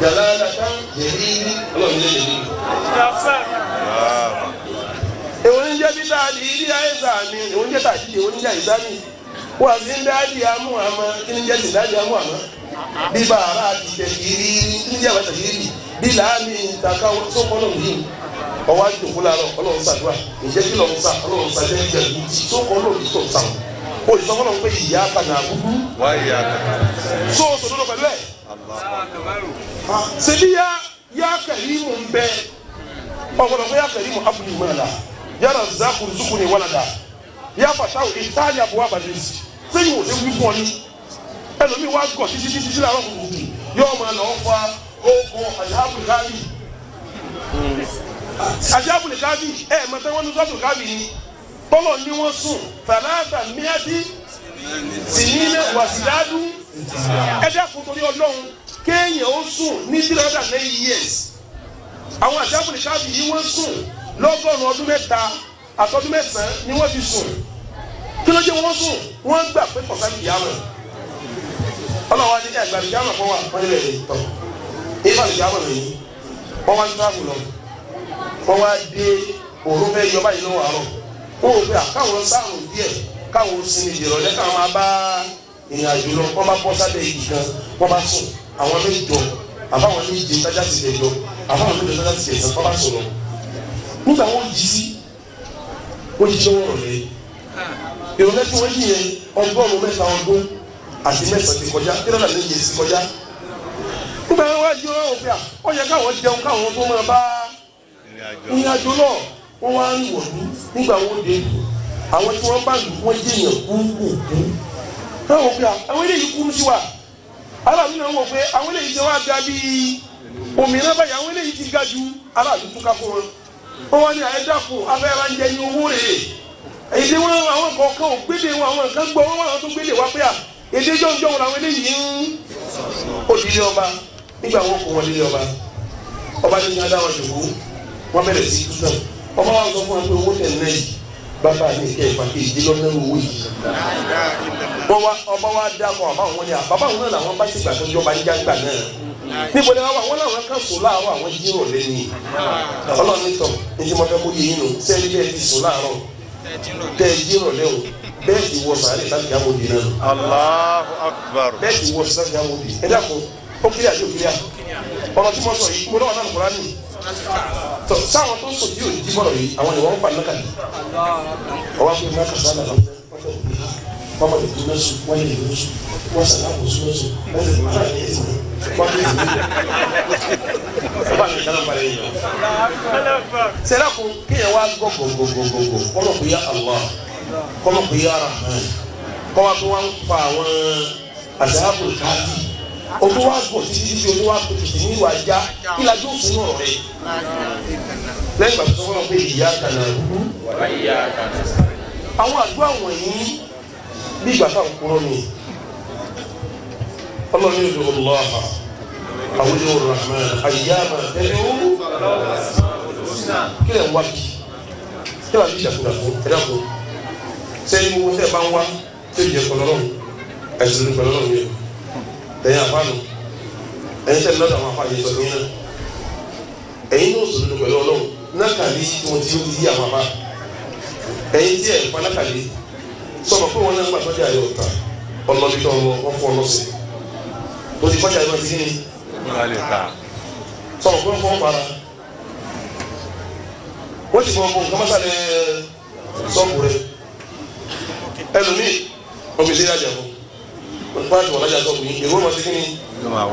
jàlá dàda yẹ̀rí ní ọlọ́ọ̀ ní lẹ́lẹ́mọ̀. èwo ní jẹ́ bí dáàdì ilé àìsàn mi èwo ní jẹ́ tàbí èwo ní jẹ́ àìsàn mi wà sí dáàdì amú àmọ́ kí ni jẹ́ sí dáàdì amú àmọ́ bí bàárà ti tẹ̀sírí kí ni jẹ́ àwọn tẹ̀sírí bí làámi ìtàkà sọ́kọ́nà yìí ọwọ́ àjòkó la lọ ọlọ́run ṣàdúrà ìjẹ́kí lọ́run ṣà ọlọ́run ṣàjẹ́ ìjẹ̀lú sọ́kọ́nà yìí tó sàwọn o sì sọ fọlọ́ pé ìyá kàdà àbúrú. wá ìyá kàdà. so sòdodo pẹ̀lú ẹ̀. ṣèlú yá yá kẹ̀rímù ń bẹ ọ̀gbọ̀dọ̀ pé yá kẹ̀rímù abúlé mọ́ ẹ̀dá yá rà zákùrù zùkùrù ìwàlàdà yá fàṣà ìtàlì àbúwá bàdé sẹ́yìn wò lé wí fún ọ ní ẹlòmíì wá gọ̀ títí títí sí làárọ̀ kùkùkù yóò máa lọ fa oògùn àjábùlù káàbì àjábùlù káàbì ẹ̀ẹ̀mẹ̀tẹ́wọ́n ní sọ́ọ̀tù káàbì ni tọ́lọ̀ ní wọ́n sùn tàlàtà míádì tìnílẹ̀ wàsídádù ẹ̀dá kun torí ọlọ́run kéèyàn ó sùn ní three hundred and nine years àwọn àjábọ̀ nìkáàbì ni wọ́n sùn lọ́gọ́rùn-ún ọdún mẹ́ta àtọ́dún mẹ́sàn-án ni wọ́n ti sùn kí ló dé wọ́n sùn wọ́n gbà pé kọ̀ọ̀kan ìyá wọn ọlọ́wọ́ adé ẹgbà ìyá wọn kọ́ wà wọ́n nílẹ̀ rẹ̀ tọ́ ìfà ìyá wọn rẹ̀ wọ́n wá ń tábù lọ wọ́n wá dé òru fẹ́ yọ báyìí lọ́wọ́ àárọ̀ wọn ò gbé à káwọn sáàrùn díẹ̀ káwọn sinmi ìrọ̀lẹ́ káwọn máa bá ìrìn àjò lọ wọn bá bọ́ sábẹ́ igi kan wọn bá sùn àwọn méjọ àbáwọn méje sájà ti lè jọ àbáwọn méje sájà ti lè sàn wọn bá sùn lọ nígbà wọn jí sí wọn jí sọ wọn rẹ ìrọ̀lẹ́ tí wọn yí yẹn ọgọ́rùn mẹ́ta ọdún àti mẹ́sàn ti kọjá kí lọ́dà lè yẹ sí kọjá nígbà wọn wá jí wọn ò gbé à ọ yẹ káwọn jẹun káwọn tó máa bá ìrìn àjò lọ wọ́n wá ń wọ̀ ní nígbà wo dé àwọn tí wọ́n bá lù wọ́n jẹ̀yàn kúnkùnkùn táwọn pé àwọn eléyìí kú sí wa aláàbí náà wọ̀ pé àwọn eléyìí ti wá ga bíi òmìnira báyìí àwọn eléyìí ti ga ju aláàbí tún ká fún wọn wọ́n wá ní àyẹ́dàpọ̀ abẹ́rẹ́ ń jẹ ní owó rẹ̀ èdè wọn àwọn kọ̀ọ̀kan ò gbélé wọn àwọn nǹkan gbọ́ wọn àwọn tó gbélé wa pé à èdè jọ̀ǹjọ̀ wọn làwọn eléyìí ń òdìlé ọba nígbà wọn kò wọn lílé ọba ọba ní ní adáwọn ṣòwò wọn bẹ̀rẹ̀ sí túnṣẹ́ ọba wa sọ fún wa pé owó tẹ̀ náà yìí bàbá mi kẹ́ ẹ̀ pàtó ìdílọ́nà owó yìí. wọ́n ọba wa dá mọ́ àbá wọn ni àbá wọn náà làwọn bá ti gbà tó jọba níjà gbà náà níbo ni wọn làwọn kan sùn láàárọ̀ àwọn jírò lẹ́yìn ọlọ́run ní tọ̀ ní mo fẹ́ kó yé yín nù sẹ́ẹ̀lì bẹ́ẹ̀ ti sùn láàárọ̀ tẹ̀ jírò lẹ́wọ̀n bẹ́ẹ̀ ti wọ sàárè láti àwọn òbí náà. Allahu Akbar. bẹ́ẹ̀ ti wọ sàárè láti àwọn òbí ẹ dákun ó kíyà sí òkìyà ọ̀rọ̀ tí mo sọ yìí mo lọ́wọ́ náà kúránì tọ sáwọn tó ń sọ yóò di bọ̀rọ̀ yìí àwọn ìwà ń pa lọ́kàn yìí ọwọ́ fún mi máa kàtà lọ́kàn wọ́n bọ̀ dùn lọ́sùn wọ́n yẹ lọ́sùn wọ́n sàlámù wọ́n lè máa ní wọ́n lè ní èsì wọ́n lè dáná balẹ̀ sẹ́dá kun kéèyàn wá gbọ́ gògògògògò kọ́mọ̀ kò yá Allah kọ́mọ̀ kò yá Rahman kọ́mọ̀ kò wá ń pa àwọn àdáàbò káàdì owó wa gùn títí tí owó wa gùn títí ní ìwà ajá kí la yóò fún ọ̀rọ̀ rẹ. lẹ́yìn ìgbà tó wọ́n pé ìyá kàná àwọn àdúrà wọ̀nyí bí ìgbà táwọn kúrò ní ọlọ́run ní ìdúró lọ́wọ́ àwọn ìdúró rahman àyà máa tẹ̀lé o kí lè wá bí kí lè wá bí ìṣàkóso ẹ̀dá kó sẹ́yìn gbogbo sẹ́yìn bá ń wá sẹ́yìn jẹ́ pẹ̀lú ọlọ́run ẹ̀sìn yẹn ẹ̀yin àfáànù ẹ̀yin sẹ́ni lọ́dọ̀ àwọn àfáàyè pẹ̀lú náà ẹ̀yin náà sọ̀rọ̀ pẹ̀lú ọlọ́run nákàlí wọn ti yóò ti yí àwọn àbá ẹ̀yin tí ẹ̀ ń pa nákàlí sọ̀rọ̀ fún wọn náà ń gbà sọ́jà yóò ta ọlọ́bí tó ń lọ wọ́n fún ọ lọ́sẹ̀ o ti sọ́jà yóò ti ní sọ̀rọ̀ fún wọn para wọ́n ti fún ọkọ̀ nǹkan mọ́sálẹ̀ sọ́ọ̀bù rẹ̀ òtún àti wàlájà tó kù yìí èrò wọn ti kí ni wọ́n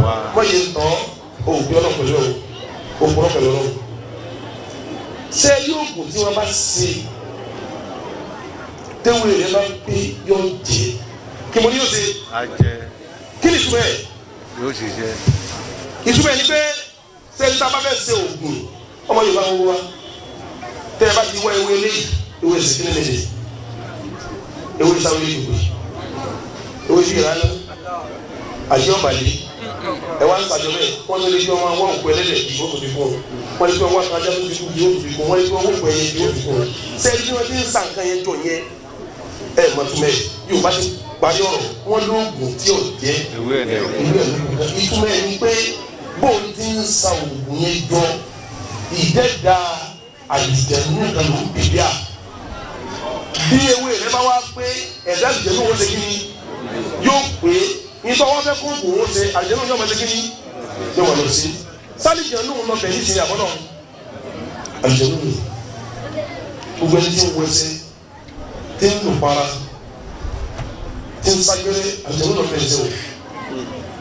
yé òkú ọlọ́ pẹ̀lú òkú ọlọ́ pẹ̀lú ṣé yóò kù tí wọ́n bá ṣe téwìrì rẹ bá pé yóò jẹ kí mo ní yóò ṣe kí ni ìtumọ̀ yóò ṣe jẹ. ìtumọ̀ ni pé ṣé bá fẹ́ ṣe oògùn ọmọ Yorùbá ń wá tẹ́ ẹ bá ti wá ewé lé ewé ìsìnkú méje ewé ìsáwé ìdìbò yìí owó sí ìlànà àti ọ̀bàdì ẹ wá ń pàjọ bẹ́ẹ̀ wọ́n lé lẹ́jọ́ wọn wọ́n òkú ẹlẹ́dẹ̀ ìbò kò fi fún ọ wọ́n lé lẹ́jọ́ wọn kájà tó fi fún fún wọ́n lé lẹ́jọ́ wọn òkú ẹyẹ ìbò kò fún ọ sẹ́yìn tí wọ́n ti ń sa nǹkan yẹn jọ yẹn ẹ mọ̀ tún yóò bá ti parí ọ̀rọ̀ wọ́n lóògùn tí ò jẹ́ ìtumọ̀ ẹ̀ pé bóun ti ń sa òògùn yẹn jọ ìdẹ́gbà àdìsẹ̀nù kan ló ń bìbí à bí ewé rẹ bá wá pé ẹ̀dá àdìsẹ̀nù wọn kí ni yóò pé nítorí wọn fẹ́ kó oògùn wọn ṣe àjẹnú yóò máa ṣe kíni yóò wà lọ sí sálí jẹnu lọ bẹ̀ ní ìṣẹ̀lẹ̀ àbọ̀nà àjẹnú mi gbogbo ẹni tí ń wẹsẹ̀ tí ń lò para tí ń sagbére àjẹnú lọ bẹ̀ ṣe o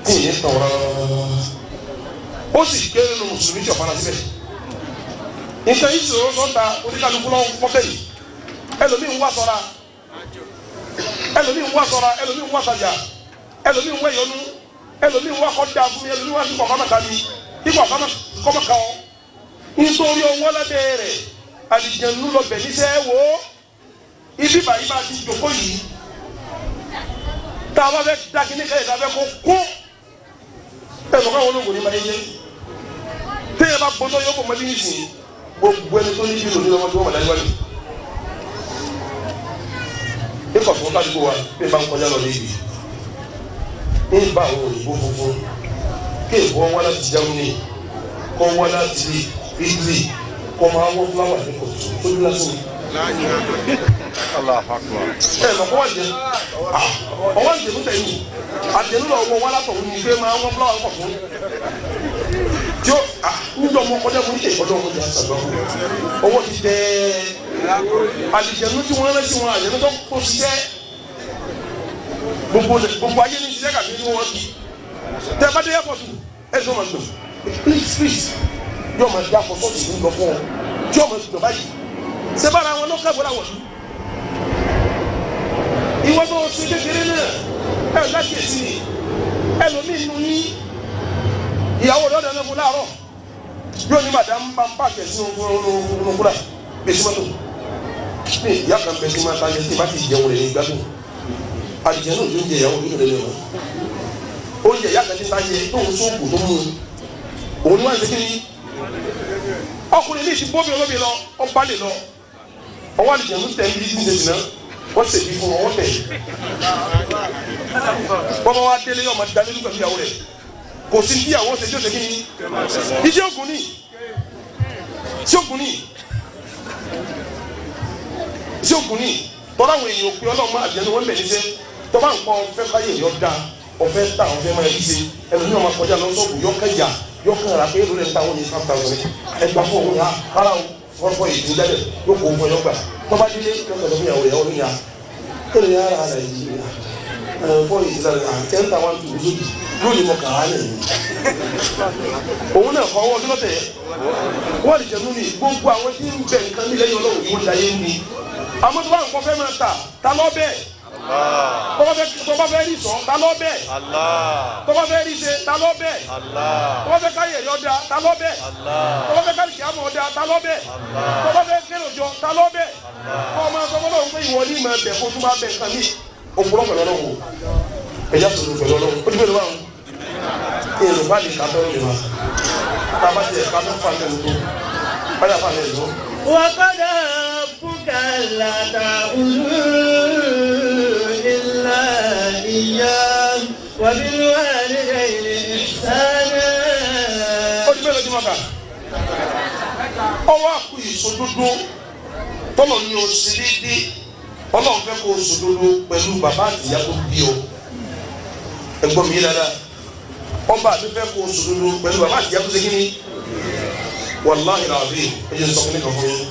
tí ìyẹn tàn rárá ó sì gbé nínú mùsùlùmí tí ọ̀pára síbẹ̀ nǹkan yìí sọ̀rọ̀ sọ́ta oníkàlùkù lọ́wọ́ fọ́tẹ̀ yìí ẹlòmíì ń wá sọ́ra ẹlòmíì ń wá sọra ẹlòmíì ń wá sàjà ẹlòmíì ń wá ìyọnu ẹlòmíì ń wá kọjá fún mi ẹlòmíì ń wá sí kọ̀ọ̀kan kan mi kíkọ̀ kọ́mọ kan ọ́ nítorí owó lábẹ́ rẹ̀ àlìjẹ̀nu lọ́bẹ̀ níṣẹ́ wo ibi bàyí bá ti jòkó yìí tá a bá fẹ́ dákínní kẹ́lẹ́ tá a fẹ́ kó kó ẹ̀rọ káwọn olóògùn ní báyé jẹ́ téèyàn bá gbọ́dọ̀ yóò kó mọ́bí nìsín gbogbo ẹni tó ní bí lòdì lọ́wọ́ tó wà láyé wáyé bí kọ̀ọ̀kan kálukú wa bí n bá ń kọjá lọ lébi ń bá àwọn òyìnbó funfun kí èkó wọn wá láti Germany kó wọn láti Italy kó máa wọ́n fúláwà ní kòtò tó dúró lásìkò. ẹ ah, lọ kọ́ wá jẹ ọwọ́ àjẹmú tẹ̀ yìí àjẹmú lọ wọ wọn látọ̀ wọn pé máa wọ́n fúláwà kọ̀ fún tí ó ah, níjọ́ ọmọ kọjá fún ìṣèkọjọ́ ọmọdé àtàgbà owó ti tẹ́ àlìjẹ̀nu tí wọ́n rántí wọn àlìjẹ̀nu tó kó ṣiṣẹ́ gbogbo gbogbo ayé ní ṣiṣẹ́ kàbí inú wọn tẹ bá dé airport ẹ jọ máa gbọ please please yóò máa dá fọsọ tó ń lọ fún ọ tí yóò máa jùlọ báyìí ṣé bára wọn ló kẹ́kọ̀ọ́ làwọn yìí ìwọ bá wọn ṣe kékeré náà ẹ láti èsì ẹlòmíín nù ní ìyàwó lọ́dọ̀ náà fún láàárọ̀ yóò ní màdàm bá ń pàkẹ́ sí ohun kúrò bẹ́sí mọ́tò pé ya kan bẹ tí máa ta létí bá ti jẹun rẹ̀ ní gbádùn àdìjẹun ló ń jẹ ìyàwó lójú rẹ̀ lẹ́nu oúnjẹ ìyá kan ti ta yẹ tóun sóògùn tó mú un òun ni wọ́n ti kí ni ọkùnrin ní ìsìn bóbi olóbi lọ ọgbà lè lọ ọwọ́ àdìjẹun tẹ̀ ní ìdí ìdèjì náà wọ́n ṣèbí fún ọwọ́ tẹ̀ bọ́bá wa délé ọmọ dalẹ́lú pẹ̀lú ìyàwó rẹ̀ kò sí bí àwọn ṣe tí ó ṣe kí ni iṣẹ́ ògùn ni iṣẹ́ ògùn sí ògùn ní tọ́lá àwọn èèyàn òpin ọlọ́run máa jẹ́ ní wọ́n bẹ̀ níṣẹ́ tọ́ba nǹkan ọ̀fẹ́ káyé yọ da ọ̀fẹ́ ta ọ̀fẹ́ máa yí ṣe ẹlòmí ọmọ kọjá lọ sọ́ọ̀bù yọ kẹjà yọ kẹrà pé èrò rẹ̀ ń ta wọ́n ní five thousand ẹgbà fún òun ha rárá o wọ́n fọ ìdí jáde yóò kó fún ẹ lọ́gbà tọ́ba délé kẹfẹ́ lọ́gbìn àwọn ìyàwó níyà kéde yà rà rẹ̀ yìí fọ́ ìdílé ten thousand two lóbi lónìí mọ̀ kàrá lẹ̀ yìí òun náà fọwọ́ ọdún lọ́tẹ̀ wọ́n lè jẹ́ nínú gbogbo àwọn tí ń bẹ̀ nǹkan àmọ́ tó bá nǹkan fẹ́ máa tà ta lọ bẹ́ẹ̀ tó bá fẹ́ rí sọ ta lọ bẹ́ẹ̀ tó bá fẹ́ rí ṣe ta lọ bẹ́ẹ̀ tó bá fẹ́ káyẹ̀rẹ́ ọ̀dà ta lọ bẹ́ẹ̀ tó bá fẹ́ káyẹ̀rẹ́ àmọ́ ọ̀dà ta lọ bẹ́ẹ̀ tó bá fẹ́ kéré òjò ta lọ bẹ́ẹ̀ kọ́ ọ máa sọ fọlọ́ pé ìwọ ní ìmọ̀ ẹ̀bẹ̀ fún tó bá bẹ̀ nǹkan ní òpùrọ̀ pẹ̀lú ọlọ́wọ́ ẹ̀yà tó lù pẹ̀lú ọlọ́wọ́ ó dúpẹ́ lọ́wọ́ àwọn èèyàn bá lè ká tọ́lọ́ lè máa tá a bá ti ẹ̀ ká tó fà كلا تعبدوا إلا إياه وبالوالدين إحسانا ọwọ́ àkú ìṣòdodo tọ́lọ̀ ni o ṣe déédéé ọlọ́run fẹ́ kó o ṣòdodo pẹ̀lú bàbá àtìyá tó bí ọ ẹ̀gbọ́n mi dáadáa ọba àti fẹ́ kó o ṣòdodo pẹ̀lú bàbá àtìyá tó ṣe kí ni wàláhìí làbí ẹ̀jẹ̀ sọ́kùnrin kan fún yín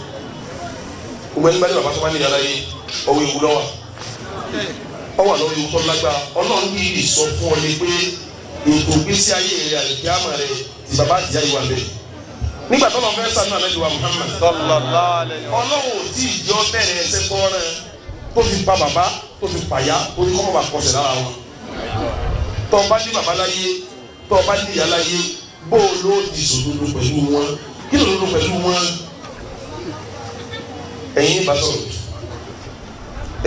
gbogbo ẹni bá dé bàbá tó bá ní yàrá yìí ọwọ́ ewu lọ́wọ́ ọwọ́ àlọ́ ewu tó lágbára ọlọ́run yìí sọ fún ọ ní pé ètò gbèsè ayé rẹ àlèkè àmà rẹ ti bàbá àtìyá ìwà bẹ nígbà tó lọ fẹ́ sànú àlejò wa Muhammad ọlọ́run ò tí ì jọ bẹ̀rẹ̀ ẹsẹ̀ kọ́rẹ́ tó fi pa bàbá tó fi pàyà tó fi kọ́mọ́ bà kọsẹ̀ lára wọn tó bá ní bàbá láyé tó bá ní ìyá láyé bó o ló di sòdodo pẹ̀lú wọn kí ẹ̀yin bàtọ̀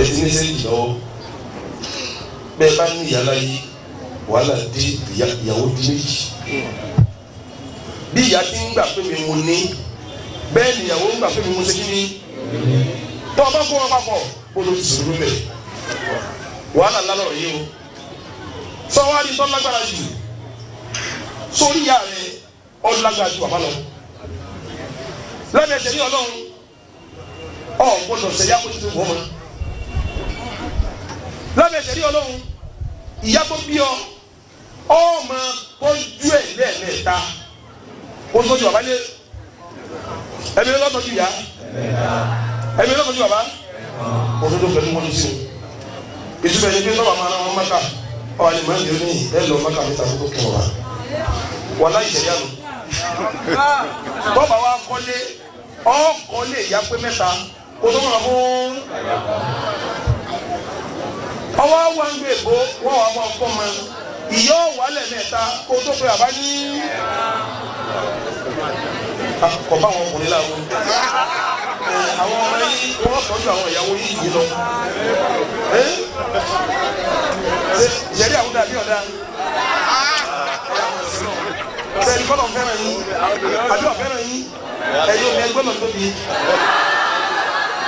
ẹ ti ní sẹ́yìn lọ́wọ́ bẹ́ẹ̀ bá ní ìyá láyé wàhálà dé ìyàwó di méjì bí ìyá ti ń gbà pé mi mo ní bẹ́ẹ̀ ni ìyàwó ń gbà pé mi mo ṣe kí ni tọ́ ọ bá kó wọn papọ̀ kó ló ti sòrò mẹ́ wàhálà lálọ́ yìí o sọ́wárí tó lágbára jù sórí ìyá rẹ̀ ọ́ lágbára jù bàbá lọ lẹ́nu ẹ̀jẹ̀ ní ọlọ́run ọ gbọ́dọ̀ ṣe yàgò tó wọ mọ lábẹ́ ìṣẹ̀lẹ̀ Ọlọ́run ìyá tó bí ọ ọmọ tọ́jú ẹ lẹ́ẹ̀mẹ́ta ó tọ́jú bàbá lé ẹbí ló tọ́jú ìyá ẹbí ló tọ́jú bàbá òdodo pẹ̀lú wọn sí o ìtumọ̀ ẹni pé sọ́wọ́ àwọn ará wọn mẹ́ta ọ̀ àlè máa ń dèrò ní ẹ lọ mẹ́ta mẹ́ta tó kọ̀ wá wà láyé ìṣẹ̀lẹ̀ àná tọ́ba wa kọ́lé ọ̀ọ́kọ́lé ìyá pé mẹ́ta kò tó máa fún ọwọ́ wa ń gbé ègbó wọ́n wà máa fọ́ ma ìyá ọ̀wà lẹ́mẹ̀ta kó tó pé àbá ní. kò bá àwọn ọkùnrin láwo àwọn ọmọ yìí wọ́n tọ́jú àwọn ìyàwó yìí yìí lọ. yẹ̀rí àwọn dàbí ọ̀dà sẹ́ni kọ́lọ̀ fẹ́ràn yín àbí ọ̀fẹ́ràn yín ẹ̀yin omi ẹgbẹ́ mọ̀ tóbi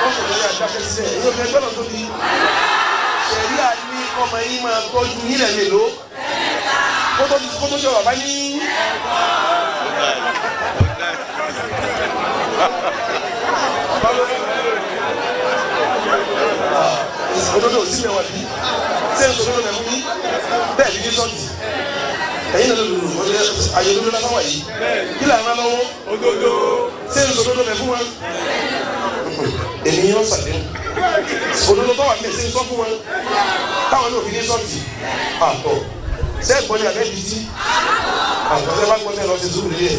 kọ́kọ́ lórí àdáfẹ́sẹ̀ èyí ò fẹ́ gbọ́dọ̀ tóbi. ṣẹ̀rí àní ọmọ yín máa tọ́jú nílẹ̀ mélòó. kótó kótó ṣe bàbá ní. òdodo òsì lẹ́wà bí sẹ́yìn òdodo lẹ́wà bí fún wa ènìyàn pàdé òdodo tó wà ní ẹsẹ sọ fún wọn táwọn náà fi ní sọọti àtọ sẹ ẹ gbọ́dọ̀ àbẹ bìtì àtọ sẹ bá gbọ́dọ̀ lọ sí zuru yẹ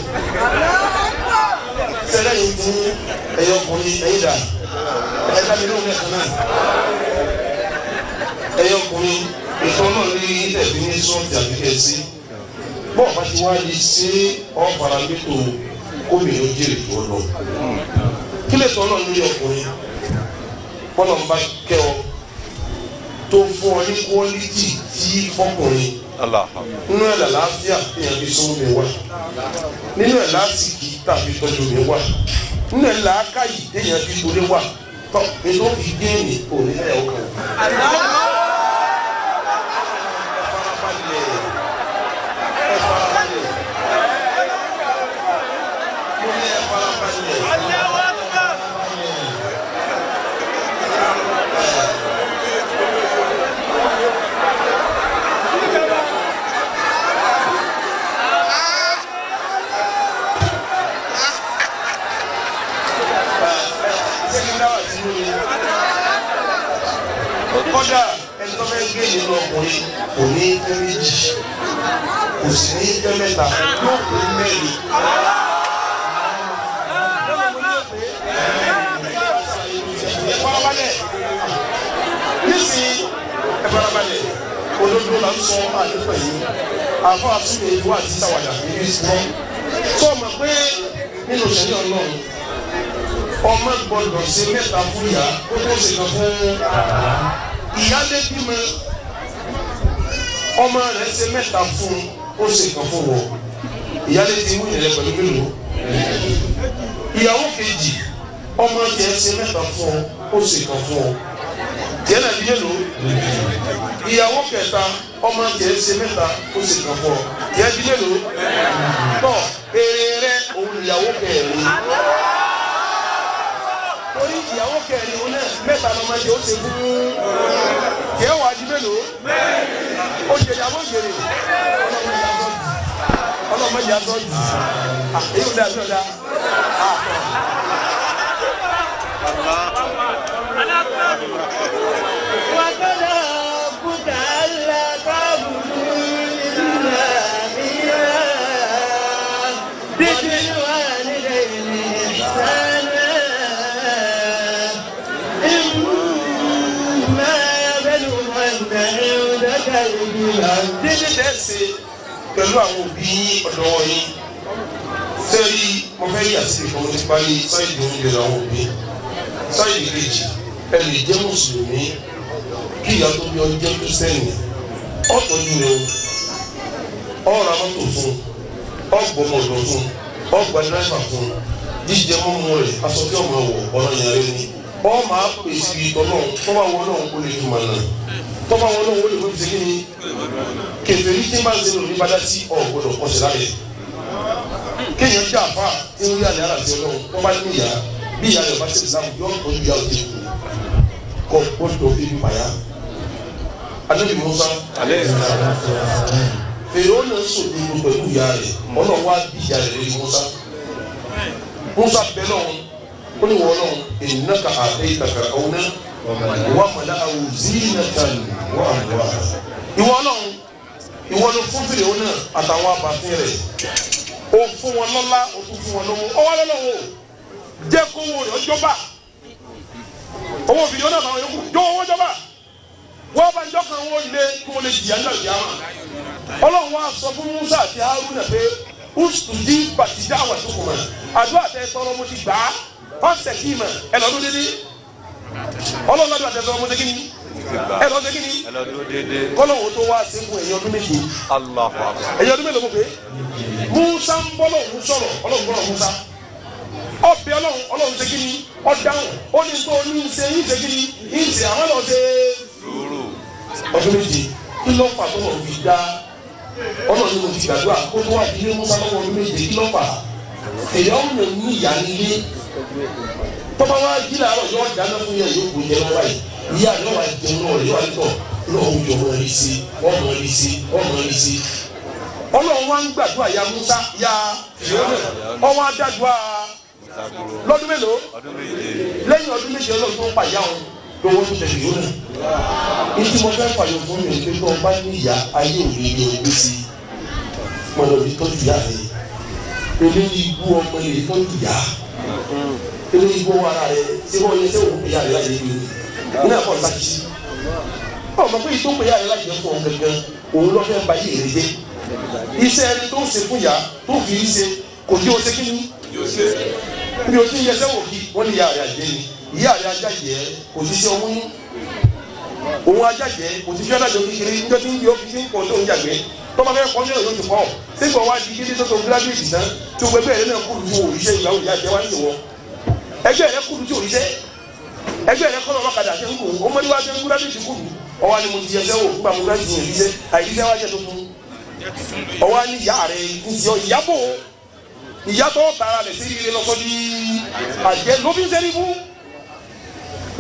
sẹlẹ yìí ti ẹyọ ọkùnrin ẹyìn dà ẹ sábẹ ní òun ẹsẹ náà ẹyọ ọkùnrin ìtọ́ náà ní ẹbí ní sọọti àbíkẹ́ sí bọ́ọ̀ bá ti wá di sí ọ̀pára mítò kóbìnrin ó jèrè tó lọ kí lè sọ ọlọ́run lórí ọkùnrin bọ́lọ̀ ń bá kẹ́ ọ tó fún ọ ní kọ́lítì tí fọkùnrin nínú ẹ̀ làlàáfíà èèyàn fi sọ omi wá nínú ẹ̀ lásìkì tàbí tọ́jú omi wá nínú ẹ̀ làákàyè èèyàn fi sọ omi wá tọ́ èso fi dé èmi òní ẹ̀yà ọkàn. kọ́dà ẹni tó fẹ́ gé nínú ọkùnrin kò ní ìfẹ́ méjì kò sí ní ìfẹ́ mẹ́ta yóò pé mẹ́rin. olódó la ń sọ àdúgbò yìí àfọ àtúntò ìlú àti sàwàdà níbi ìsúná tó o mọ̀ pé nínú ìṣẹ̀lẹ̀ ọlọ́run ọmọ gbọ́dọ̀ sí mẹ́ta fún ìyá kó tó sì kan fún ara ìyáálé bímọ ọmọ rẹ̀ ṣe mẹ́ta fún ó ṣe kan fún wọn ìyáálé ti wú ìrẹ pẹ̀lú mélòó ìyàwó kejì ọmọ tiẹ̀ ṣe mẹ́ta fún ó ṣe kan fún ọ tiẹ̀ náà bí mélòó ìyàwó kẹta ọmọ tiẹ̀ ṣe mẹ́ta ó ṣe kan fún ọ tiẹ̀ bí mélòó tọ èrè òun ìyàwó kẹrin torí ìyàwó kẹrin òun náà mẹ́ta lọ́mọdé ó ṣe fún kí ẹ wà á di mélòó òṣèré àwọn òṣèré ọlọ́mọdé àtọ́ yìí èyí ò dáa bí ọ̀dà. Allah. Allah. déédéé tẹ́ ṣe pẹ̀lú àwọn òbí ọ̀dọ́ wọn yìí sẹ́rí mo fẹ́ yà sí ìfọwọ́ nípa ní sáyidì oúnjẹ làwọn òbí sáyidì kejì ẹ lè jẹ́ mùsùlùmí kí ìyá tó bí ọ jẹ́ kírísítẹ́nì ọ̀tọ́jú rẹ ọ̀rọ̀ amọ́tò fún ọ̀gbọ́mọ̀ ọ̀dọ́ fún ọ̀gbà dírẹ́fà fún jíjẹ mọ́mú rẹ̀ aṣọ tí ọmọ wọ̀ ọ̀rọ̀ yẹn rẹ ni ọ máa pèsè ìtọ́ náà tọ́ba wọn náà ó lè fi mọ̀ náà tọ́ba wọn náà ó lè fi ṣe kí ni kèfé ní tíma ṣe lòdì padà sí ọ̀gbọ́dọ̀ kọ̀ṣẹ̀ láyé kéèyàn jẹ́ àfa tí ó rí àlẹ́ àlàfé ọlọ́run tó bá ní ìyá bí ìyá rẹ̀ bá ṣe ìsìlámù yọ ojú ìyá òde kọ gbọ́dọ̀ fi mi pàyà adébí musa fèrè ó náà sọ gbogbo pẹ̀lú ìyá rẹ̀ ọlọ́run wá bí ìyá rẹ̀ lórí musa musa bẹ́ẹ̀ náà ó ní wọ́n náà èyí náà kà á dé ìtàkàrà ọ̀hún náà wọ́n mọ̀lá àwùzí náà tán wọ́n àgbà ìwọ́n ìwọ ló fún fèrè ó náà àtàwọn abàfin rẹ̀ o fún wọn lọ́lá o tún fún wọn lọ́wọ́ ọwọ́ lọ́lọ́wọ́ jẹ́ kó wọn yọ jọba owó fèrè ó náà báwọn yòókù jọ owó jọba wọ́n bá ń jọ́kan wọn lé kí wọ́n lè jìyà náà jìyà wọn ọlọ́run wa sọ fún Musa àti Haruna pé usudi batija àwọn àtúkù mọ àdúrà tẹ tọrọ mo ti gbà á ọsẹ kí mọ ẹ lọ lóde ní ọlọ́run àtẹ tọrọ mo ti kí ni ẹ lọ sí kí tó wá sẹ́kù ẹ̀yìn ọdún méje ẹ̀yìn ọdún mélòó mo pé musa ń bọ́ lọ́hùn sọ̀rọ̀ ọlọ́hùn bọ́ lọ́hùn musa ọbẹ̀ ọlọ́hùn ọlọ́hùn ṣe kí ni ọ̀dáhùn ó ní tó ní ṣe ń ṣe kí ọdún méje kí ló fà tó fi dá ọlọ́hùn mo ti gbàdúrà kó tó wà ní musa lọ́wọ́ ọdún méje kí ló fà tọ́ba wa jí làárọ̀ yọ dáná fún yẹn yóò gbòjẹ lọ́wọ́ yìí ìyá yọ wá jẹun náà yọ wá tọ̀ lọ́wọ́ yọ wọ́n rí sí ọmọ rí sí ọmọ rí sí. ọlọ́run wa ń gbàdúrà ya musa ya ọwọ́ adájúwa lọ́dún mélòó lẹ́yìn ọdún méje ọlọ́run tó ń pàjá wọn lọ́wọ́ tó tẹ̀lé yóò náà ètò wọn fẹ́ pàdé fún mi pé tó ń bá ní ìyá ayé òní ni o gbé sí mọ̀lẹ́bí tó ti yá rẹ̀ eléyìí ibú ọmọ yìí tó ti yá ebi ti gbowó ara rẹ síbò yẹ sẹ́wọ̀n pè yàrá láyé mi ní ẹ̀kọ́ láti ọ̀ mọ̀ pé ìtò pè yàrá láyé fún ọ gẹ́gẹ́ òun lọ́fẹ́ ba yìí rẹ dé iṣẹ́ ẹni tó ń ṣe fún yà tó fi í ṣe kò tí o ṣe kí ni bí o ti yẹ sẹ́wọ̀n kí wọ́n ní yàrá àjẹ́ ni yàrá ajá yẹ kò ti ṣe owó yín òun ajá jẹ kò ti fi ọ̀dà jọ kékeré níjọ́ tí ń yọ fi ń kọ́ tó ń jàgbé tọ́ba fẹ́ kọ́ ní ọ̀yọ́ ti kọ́ sígbà wá di kíndé tó tó gíráfíìsì náà tí o gbẹgbẹ́ rẹ náà kúrú fún òrìṣẹ́ ìgbà òrìṣẹ́ àjẹwá ń lò wọ́n ẹgbẹ́ rẹ kúrú tí ò ní sẹ́ ẹgbẹ́ rẹ kọ́ lọ́wọ́ kadà sẹ́kù ó mọ́ níwájú ẹni kúrú láti kúrú ọwọ́ ni mo ti yẹ sẹ́wọ̀ nígbà mo láti sẹ́yìn sẹ́ àìsísẹ́ wájú ẹ̀ tó fún ọwọ́ ni ìyá rẹ̀ yọ ìyábò ìyàtọ̀ tara rẹ̀ sí ilé lọ́kọ́ ní àjẹ ló fi ń sẹ́ni fún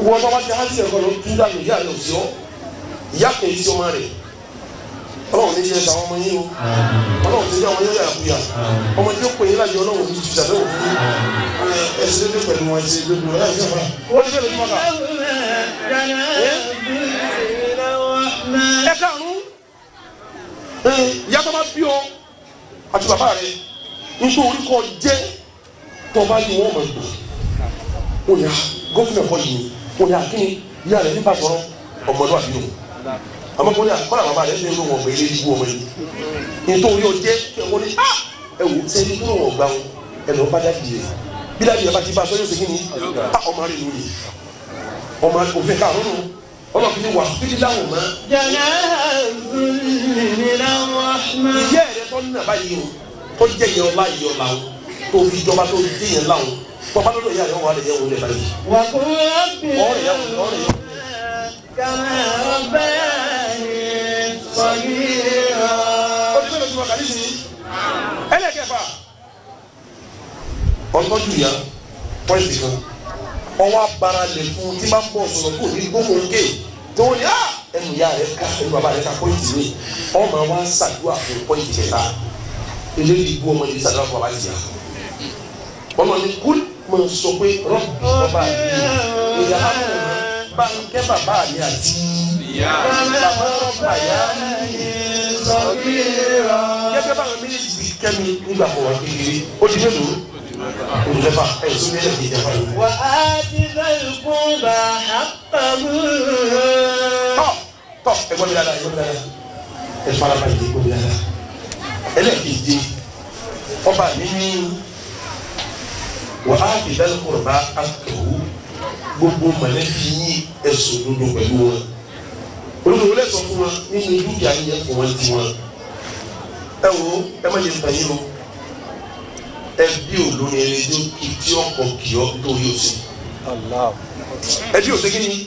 wọ́n bá wá ti hàn sí ẹ̀kọ́ ló tún dànù ìyá rẹ̀ òsì ọ́ ìyá kò ní sí ọmọ rẹ̀ ọlọ́run ní ṣe àwọn ọmọ yín o ọlọ́run ní ṣe àwọn yín yàgùyà ọmọ tí ó pè yín láyé ọlọ́run ní ṣe àbẹ̀wò fún yín ẹ ṣe lé pẹ̀lú wọn ẹ ṣe lé pẹ̀lú wọn ẹ ṣe fà wọ́n ti bẹ̀rẹ̀ mọ́ka. ẹ kàrún ìyá tó bá bí ọ àti bàbá rẹ nítorí orí kọ jẹ tó bá yí wọn mọ̀ ẹ̀gbọ́n ó yà gómìnà kọ́ yìí ó yà kí ni ìyá rẹ nípa sọ̀rọ̀ ọmọdé àbí òun àmọ́ kọ́ni bàbá rẹ̀ ṣe ń wọ̀n pé ilé ìbú ọmọ yìí nítorí o jẹ́ ẹ̀wọ̀n ni ah! ẹ wò kúrò wọ̀n gbà wọn ẹ lọ́ọ́ dájú yẹ bí dájú yẹ bá ti bá sọ yóò ṣe kí ni ah, ọmọ rẹ̀ lóye ọmọ òfin kàrún nù ọmọ fi ni wà fídí láwọn mọ́. jẹ̀lẹ́ ìyá ẹ̀rẹ́ tó fi jọba tó jẹ́ yẹn láwọn tọ́ba lọ́dọ̀ yà rẹ̀ wọ́n yẹ wọlé báyìí. wà á kó rẹ̀ bẹ̀rẹ̀ kàmẹ́rọ̀ bẹ́ẹ̀. صغيرا ẹlẹ́kẹ̀fà pọ́ìntì kan ọwọ́ abara lè fún un tí bá ń sọ̀rọ̀ kò ní gbogbo oge tó ní á ẹnu ìyá rẹ ká ẹnu bàbá rẹ ká pọ́ìntì mi ọmọ wa ń ṣàdúrà fún pọ́ìntì ẹ̀ta eléyìí ìbú ọmọ yìí ṣàdúrà fún bàbá yìí ya ọmọ mi kú mọ̀ sọ pé rọ́ọ̀bì bàbá mi ìyá bá ń bàbá mi àti gẹ́gẹ́ báwọn méjèèjì bí kẹ́mi nígbà kan wà kékeré ó ti mélòó olùdẹ́fà ẹ̀yìn tó mélòó ti dẹ́fà yìí. wà á ti lẹ́yìn kún bá a pàmò. tọ́ tọ́ ẹ̀gbọ́n mi dáadáa ẹ̀gbọ́n mi dáadáa ẹ̀ fara balẹ̀ ẹ̀gbọ́n mi dáadáa ẹlẹ́kìdí ọba mi ní wà á ti lẹ́yìn kún bá a pàmò gbogbo mọ̀lẹ́bí yín ẹ̀sùn lódò pẹ̀lú wọn olùwò lẹsọ fún wa nínú dúkìá yẹn fún wọn ti wọn ẹ wo ẹ má yẹ fẹyìn o ẹ bí olórí ẹni tó kì tí ọkọ kì í ọ tó yóò sí ẹ bí òsè ni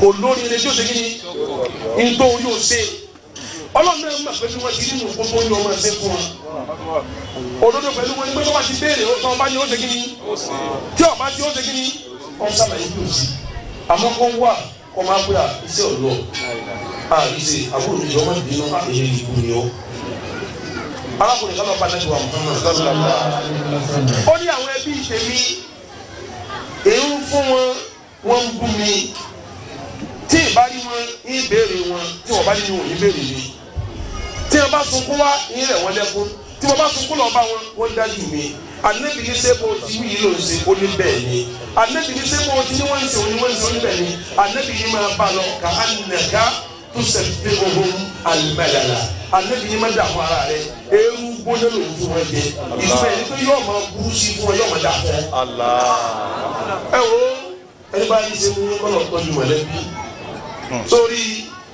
kò lórí ẹni tó ṣe ni ń tó yóò ṣe ọlọ́run náà mọ̀ pẹ̀lú wọn ti nínú gbogbo yìí ọmọ ẹgbẹ́ fún wọn òdodo pẹ̀lú wọn pé bọ́ba ti béèrè ọ̀sán ọba ni ó ṣe ni tí ọba ti ó ṣe kí ni ọ̀sán àyè yóò ṣe àmọ́ kó wà kó máa pé àìsí ọ̀lọ́ àìsí àbúrò mi jọ máa bínú àìyé ìbú ni ó. arákùnrin kan lọ bá nẹ́tọ̀ wà mọ́ ó ní àwọn ẹbí ìṣèmí èyí ń fún wọn wọn ń bú mi tí ì bá rí wọn ń béèrè wọn tí wọn bá rí wọn ń béèrè mi tí wọn bá sunkún wá ń rẹ̀ wọ́n lẹ́kún tí wọn bá sunkún lọ bá wọn wọ́n dájú mi anabi ní sẹ́ bọ́ọ̀ tí yìí ló ń ṣe ó ní ni anabi ní sẹ́ bọ́ọ̀ tí wọ́n ń ṣe ó ní wọ́n ń ṣe ó ní ni anabi ní máa bá lọ ká anaka tó sẹ́fẹ́ ohun alimẹ́lẹ́la anabi ní máa dà fún ara rẹ ewu gbóná ló fún wọn jẹ ìfẹ́ ní pé yóò máa burú sí fún wọn yóò máa dà fún ẹ wo ẹni bá yí ṣe mú kọ́nà tọ́jú mọ̀lẹ́bí sórí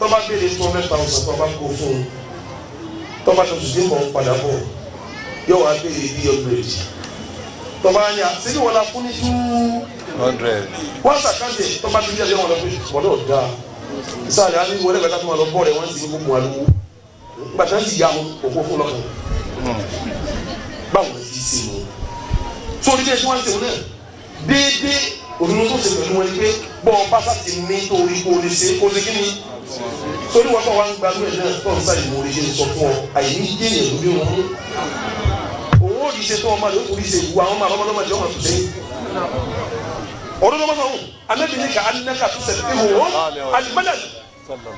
tọ́ba béèrè tó mẹ́ta ọ̀sán tọ́ba kó fún un tọ́ba tó tù yóò wá béèrè bí hundred tọba ni a sẹ́ni wọ́n la fún ní two hundred wọ́n sàkáǹtì tọ́ba ti di ẹ̀jẹ̀ wọn lọ fún wọn lọ da sáàlì á ní wọlé gbàtà fún wọn lọ bọ́ọ̀lù ẹ̀ wọ́n ti gbogbo mu àlùkò gbàtà ti yà wọn òkú fún lọ́kàn báwo ti ṣe wọn sórí bí ẹ ti wá ń ṣe wọn náà déédéé òdùnnú tó ṣe pẹ̀lú wọn ni pé bọ́ọ̀ bá sá ti ní torí kó o lè ṣe kó lè kí ni torí wọn kọ́ wa ń gba lóye náà tó ń sá ìmòrè ṣe sọ fún ọ àìní jẹ́yẹ̀ lórí wọn òun ò yìí ṣe tó ọmọ rẹ ó kò ìwú àwọn ọmọ ọmọdé ọmọdé ọmọdé ọmọdé ọdún tó bá sọ wọn anabi ní ká anaka tó sẹlẹ ihu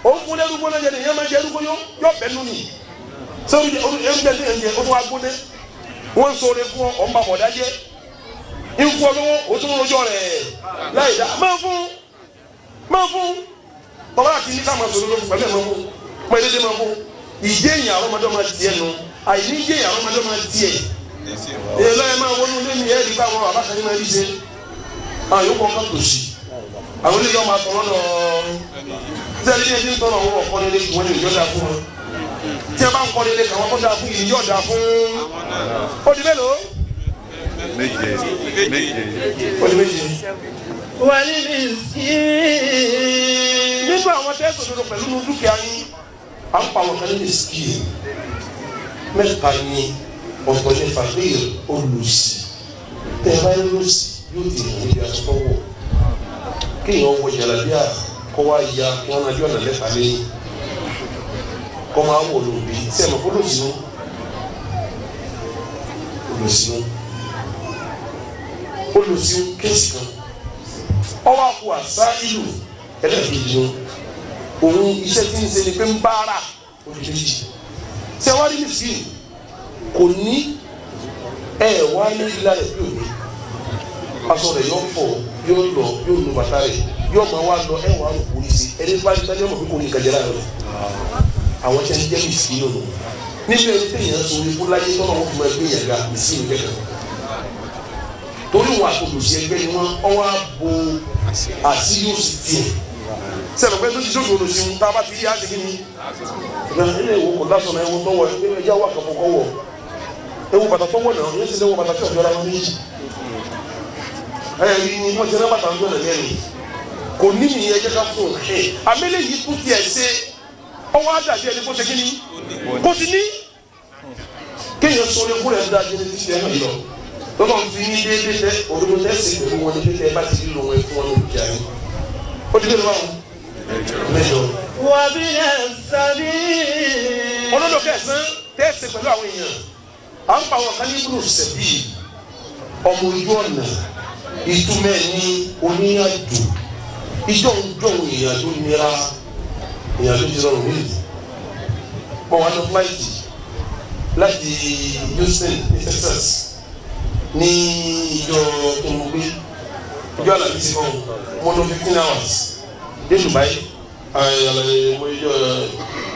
òun fún ẹrúgbó náà yẹn yẹn máa jẹ ẹrúgbó yọ bẹ nù bàbá àti ní káàmà sọ̀rọ̀ lóko pẹ̀lú ẹ̀mọ́ fún pẹ̀lú ẹ̀dẹ́ fún ìjẹ́ ìyà ọlọ́mọdé máa tiẹ̀ nù àìní ìjẹ́ ìyà ọlọ́mọdé máa tiẹ̀ èlò ẹ̀ máa wọnú lé mi ẹ̀rí báwọn bàbá kan ní máa rí ṣe àwọn yòókù ọkọ tó ṣì àwọn oníjọ máa tọrọ lọ sẹ́ni ní ẹni tọrọ wọn ọkọ nílé wọn ní ìjọ fún wọn tí ẹ bá ń kọ́ nílé káwọn kọ́ fún ìjọ fún ó mélòó méje méje. wàlíbi sí nínú àwọn tẹ́sán òdodo pẹ̀lú dúkìá yín à ń pa àwọn kan nílé sí i mẹ́ta ni ọ̀pọ̀ ní fàgbéyè olùsí tẹ́ ẹ bá yẹ lọ́sí yóò di ìwé aṣọ wọ̀ kéèyàn wọ jàlábíà kọ́ wá ya kí wọ́n náà yọ̀ ọ̀nà lẹ́fà lẹ́yìn kọ́ máa wọ̀ lóbi tí ẹ̀ mọ̀ kó lòsì nù olùsí nù olùsí nù kéèsì kan ọwọ́ àpò àṣà ìlú ẹlẹ́kejì ni òun iṣẹ́ tí ń ṣe ni pé ń bára olùdíjì tẹwárí nìsín kò ní ẹ wá ní ilá rẹ bí òní aṣọ rẹ yóò fọ yóò lọ yóò nu bàtà rẹ yóò máa wá lọ ẹ wàá rògbò ní sí ẹni bá dídá yóò mọ̀ pé kò ní ìkàjẹ́ láàrin àwọn tí wọn jẹ́ nìsín lòlù níbi ẹni tí èèyàn sọ ikú láyé tọ́nà wọn fún ẹgbẹ́ yẹn ga nìsín kẹ́kẹ́ torí wọn àtòlùsí ẹgbẹ́ ni wọn ọwọ́ àbò àti yóò tiẹ̀ sẹ́nu pé tuntun sóògùn olùsìn tá a bá ti rí àti kí ni kò dá sọ̀rọ̀ ẹ̀wò tó wọ̀ ẹ̀jẹ̀ wà kọ̀kọ̀ kọ̀ wọ̀ bàtà tó wọ̀ náà yẹn ti lẹ́wọ̀ bàtà tí ọ̀dọ́ ọ̀dọ́ méjì ẹ̀rí ni wọ́n ti bàtà tó nà lẹ́nu kò ní mi ẹ̀jẹ̀ ká fún un àmẹ́lẹ̀ yìí kú tiẹ̀ ṣe ọwọ́ àdàbí ẹni kó ṣe kí ni ti ní kéèyàn sọ orí kúrẹ̀ dájú ní títí ẹ̀ lọ lọ́kàn fi ní déédéé tẹ́ òdodo tẹ́ sí ìdòwò ó ti dé lọ́wọ́ mẹ́jọ. wà á bí ẹ sábì. olódò kẹsàn-án tẹ́sí pẹ̀lú àwọn èèyàn à ń pa àwọn kan ní ibùdó sẹ̀bí ọmọ ojú ọ̀nà ìtumẹ̀ ní oníyàjò ìjọ ń dọ̀wọ̀ èèyàn tó nira èèyàn tó ti sọ̀rọ̀ wíìlì mọ̀ wá ní fúláìtì láti Houston ní Texas ní ìjọ tó ń gbé ìjọ àlàyé sí wọn mo lo fifteen hours dé Dubai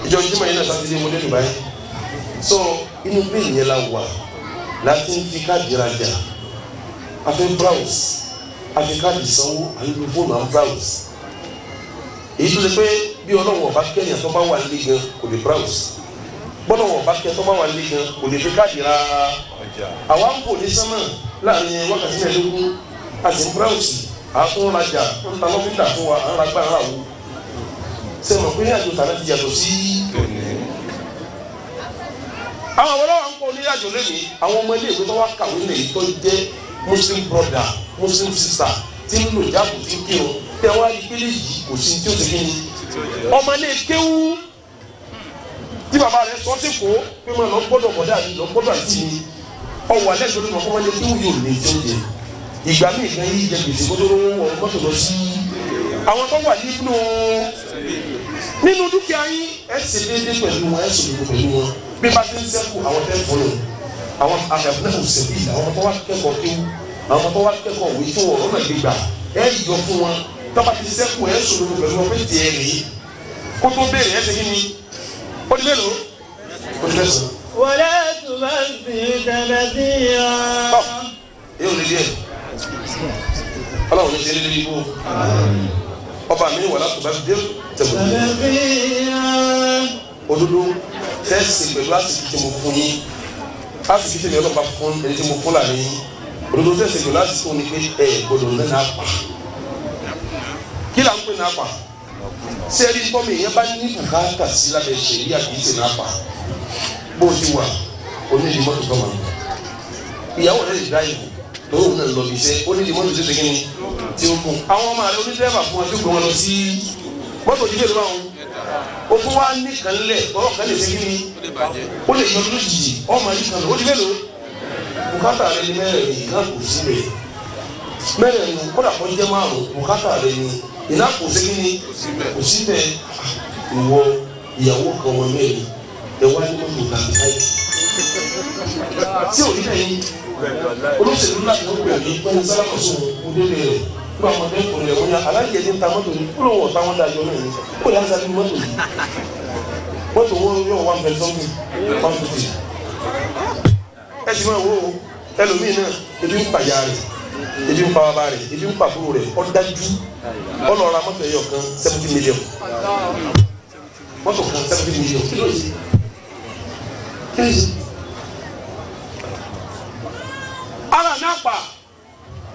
ìjọ jimá yìí náà sátidé mo dé Dubai so inú bí ìyẹn la wà láti ń fi káàdì rajà a fi browse a káàdì sanwó àyè fóònù à browse èyí tó ṣe pé bí ọlọ́wọ́ ọba kẹ́yìn tó bá wà nílé gan kò lè browse bọ́dọ̀ wọ̀ bá kẹ́ tó bá wà nílé gan kò lè fi káàdì ra àwa ń bò láàrin wákàtí mẹ́ẹ̀ẹ́dógún àṣùbúráùsì àtúnrajà ńtalọ́fíńtà fún wa ńlágbára wo ṣe mọ̀ pé ní àjò tàná ti yàtọ̀ sí tòní. àwọn ọmọ náà ń kọ́ ní àjò lónìí àwọn ọmọ iléèwé tó wá kàwé lè tó jẹ́ muslim brother muslim sister tí ń lò jáàbù tí ń kírun tẹ wá rí pélé yìí kò sí tí ó ti kíni ọmọ ilé kéwú tí bàbá rẹ sọ sí kó pé mo lọ gbọ́dọ̀ bọdá mi lọ gbọ́dọ̀ àti mi ọwọ́ alẹ́ sọ ló mọ kó wọn lé kéwú yóò lè tó yẹ ìgbà míì gan yìí jẹ gbèsè kó tó lówó wọ mọ́tò lọ sí eh, àwọn tó wà nínú nínú dúkìá yín ẹ ṣe déédéé pẹ̀lú wọn ẹ ṣe òdodo pẹ̀lú wọn bí bá ti ń sẹ́kù àwọn tẹ́ ń fọlọ́ àwọn àgbàbọ̀nẹ́kù sẹ́kù yìí àwọn tó wá kẹ́kọ̀ọ́ kéwú àwọn tó wá kẹ́kọ̀ọ́ òwe tó wọ̀ ọ́nà gbígbà ẹ yọ fún wọn tọ́ba ti sẹ́kù ẹ ṣe òdodo pẹ̀lú wọn pé tiẹ̀ rèé kó tó béèrè ẹ ṣe kí ni ó di mélòó ó ọlọ́run ní ṣe lé ibú ọba mi wà látò bá dé tẹ̀wọ̀ òdodo tẹ́sí pẹ̀lú àsìkò tí mo fún yín àsìkò tí mi ọlọ́run bá fún ẹni tí mo fún là ní òdodo tẹ́sí pẹ̀lú àsìkò ní pé ẹ gbọdọ̀ ní náà pa kí là ń pè náà pa sẹ́ẹ̀rí tọ́mì yẹn bá ní bùkátà sí lábẹ́ ìṣèlú àkíyèsí náà pa bó ti wà onídìí mọ́tò tọ́mọ ìyàwó rẹ̀ lè dá ìbò òun kò náà lọ bí iṣẹ́ ó ní kí mọ́tò tètè kíni tí ó kù. àwọn ọmọ rẹ onídẹ́rẹ́bà fún wọn tí ó gbé wọn lọ sí mọ́tò òdìdé ló máa ń o fún wa ní kan lẹ ọ̀rọ̀ kan lè ṣe kíni ó lè yọ lójijì ọmọ yìí kan lọ ó di mélòó bùkátà rẹ ni mẹ́rẹ̀ẹ̀rin ìlànà kò sí rẹ mẹ́rẹ̀ẹ̀rin kódà kó jẹ́ márùn bùkátà rẹ ni ìlànà kò sí kíni kò sí bẹ́ẹ̀ ìwọ ìyàwó kan wọn mẹ́rin ẹ ní mọ́tò kàmíkáyì tí ò olóṣèlú láti ló pè ní pẹ́ẹ́n sálámọ̀sọ òdèlè rẹ̀ nígbà wọn dẹ́kun rẹ̀ wọ́n yá alájẹ ní ta mọ́tò ní kúrò wọ̀ táwọn dájọ́ náà ní kó yá sábì mọ́tò yìí mọ́tò wọn yóò wá bẹ̀rẹ̀ sọ́kùn one fifty ẹ ti máa wo ẹlòmíì náà ebi ń pàjá rẹ̀ ebi ń pa bàbá rẹ̀ ebi ń pàbúrò rẹ̀ ó dájú ọlọ́ọ̀ra mọ́tò ẹ̀yọ̀ kan seventy million mọ́tò kan seventy million kí ló yẹ kí ló yẹ.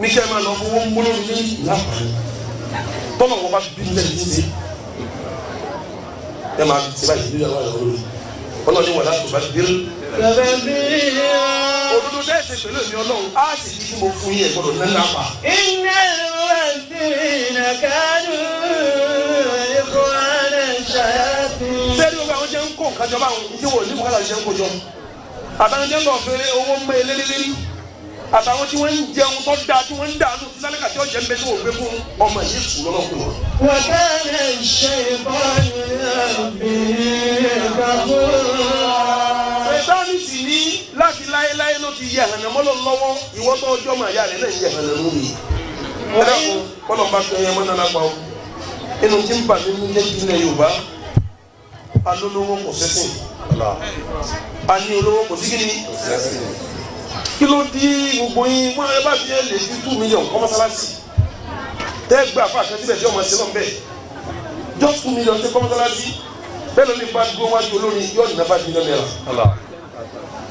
níṣẹ́ máa lọ fowó ń múlò ní láǹfààní tọ́nà wọn bá fi bíi lẹ́yìn sí ẹ máa fi ṣe báyìí nígbà wà lórí ọlọ́ọ̀ni wà láti bá dé. òdodo dẹ́ ṣe pẹ̀lú èmi ọlọ́run á sì fi tí mo fún yín ẹ̀gbọ́dọ̀ ní nàpà. iná wà sí ìnàkánú ẹ̀kọ́ àná ṣáàtì. sẹ́ni gbogbo àwọn jẹ́ ń kó nǹkan jọba àwọn ìdíwọ̀ ní bùkátà àtàwọn tí wọ́n ń jẹun tó dáa tí wọ́n ń dà lù sísálẹ̀ kàtí ọ̀jẹ̀ ń bẹ tó gbé fún ọmọ yìí kù lọ́nà fún wọn. wọ́n kẹ́lẹ̀ ṣe ìbáraẹni sì ní láti láéláé ló ti yẹ àhànà lọ́wọ́ tó ọjọ́ rẹ̀ kọ́lọ̀ bá nana pa ọ́ inú tí ń bà mí ní Yorùbá alólówó kò a kí ló dí gbogbo yín wọn ẹ bá fi ẹ lè fi two million kọ́ mọ́sálásì tẹ́ gba fún àkàtì bẹ̀ tí ọmọ ṣe náà bẹ́ẹ̀ just two million ṣe kọ́ mọ́sálásí bẹ́ẹ̀ lómi bá dúró wájú olórin yóò dì náà five million naira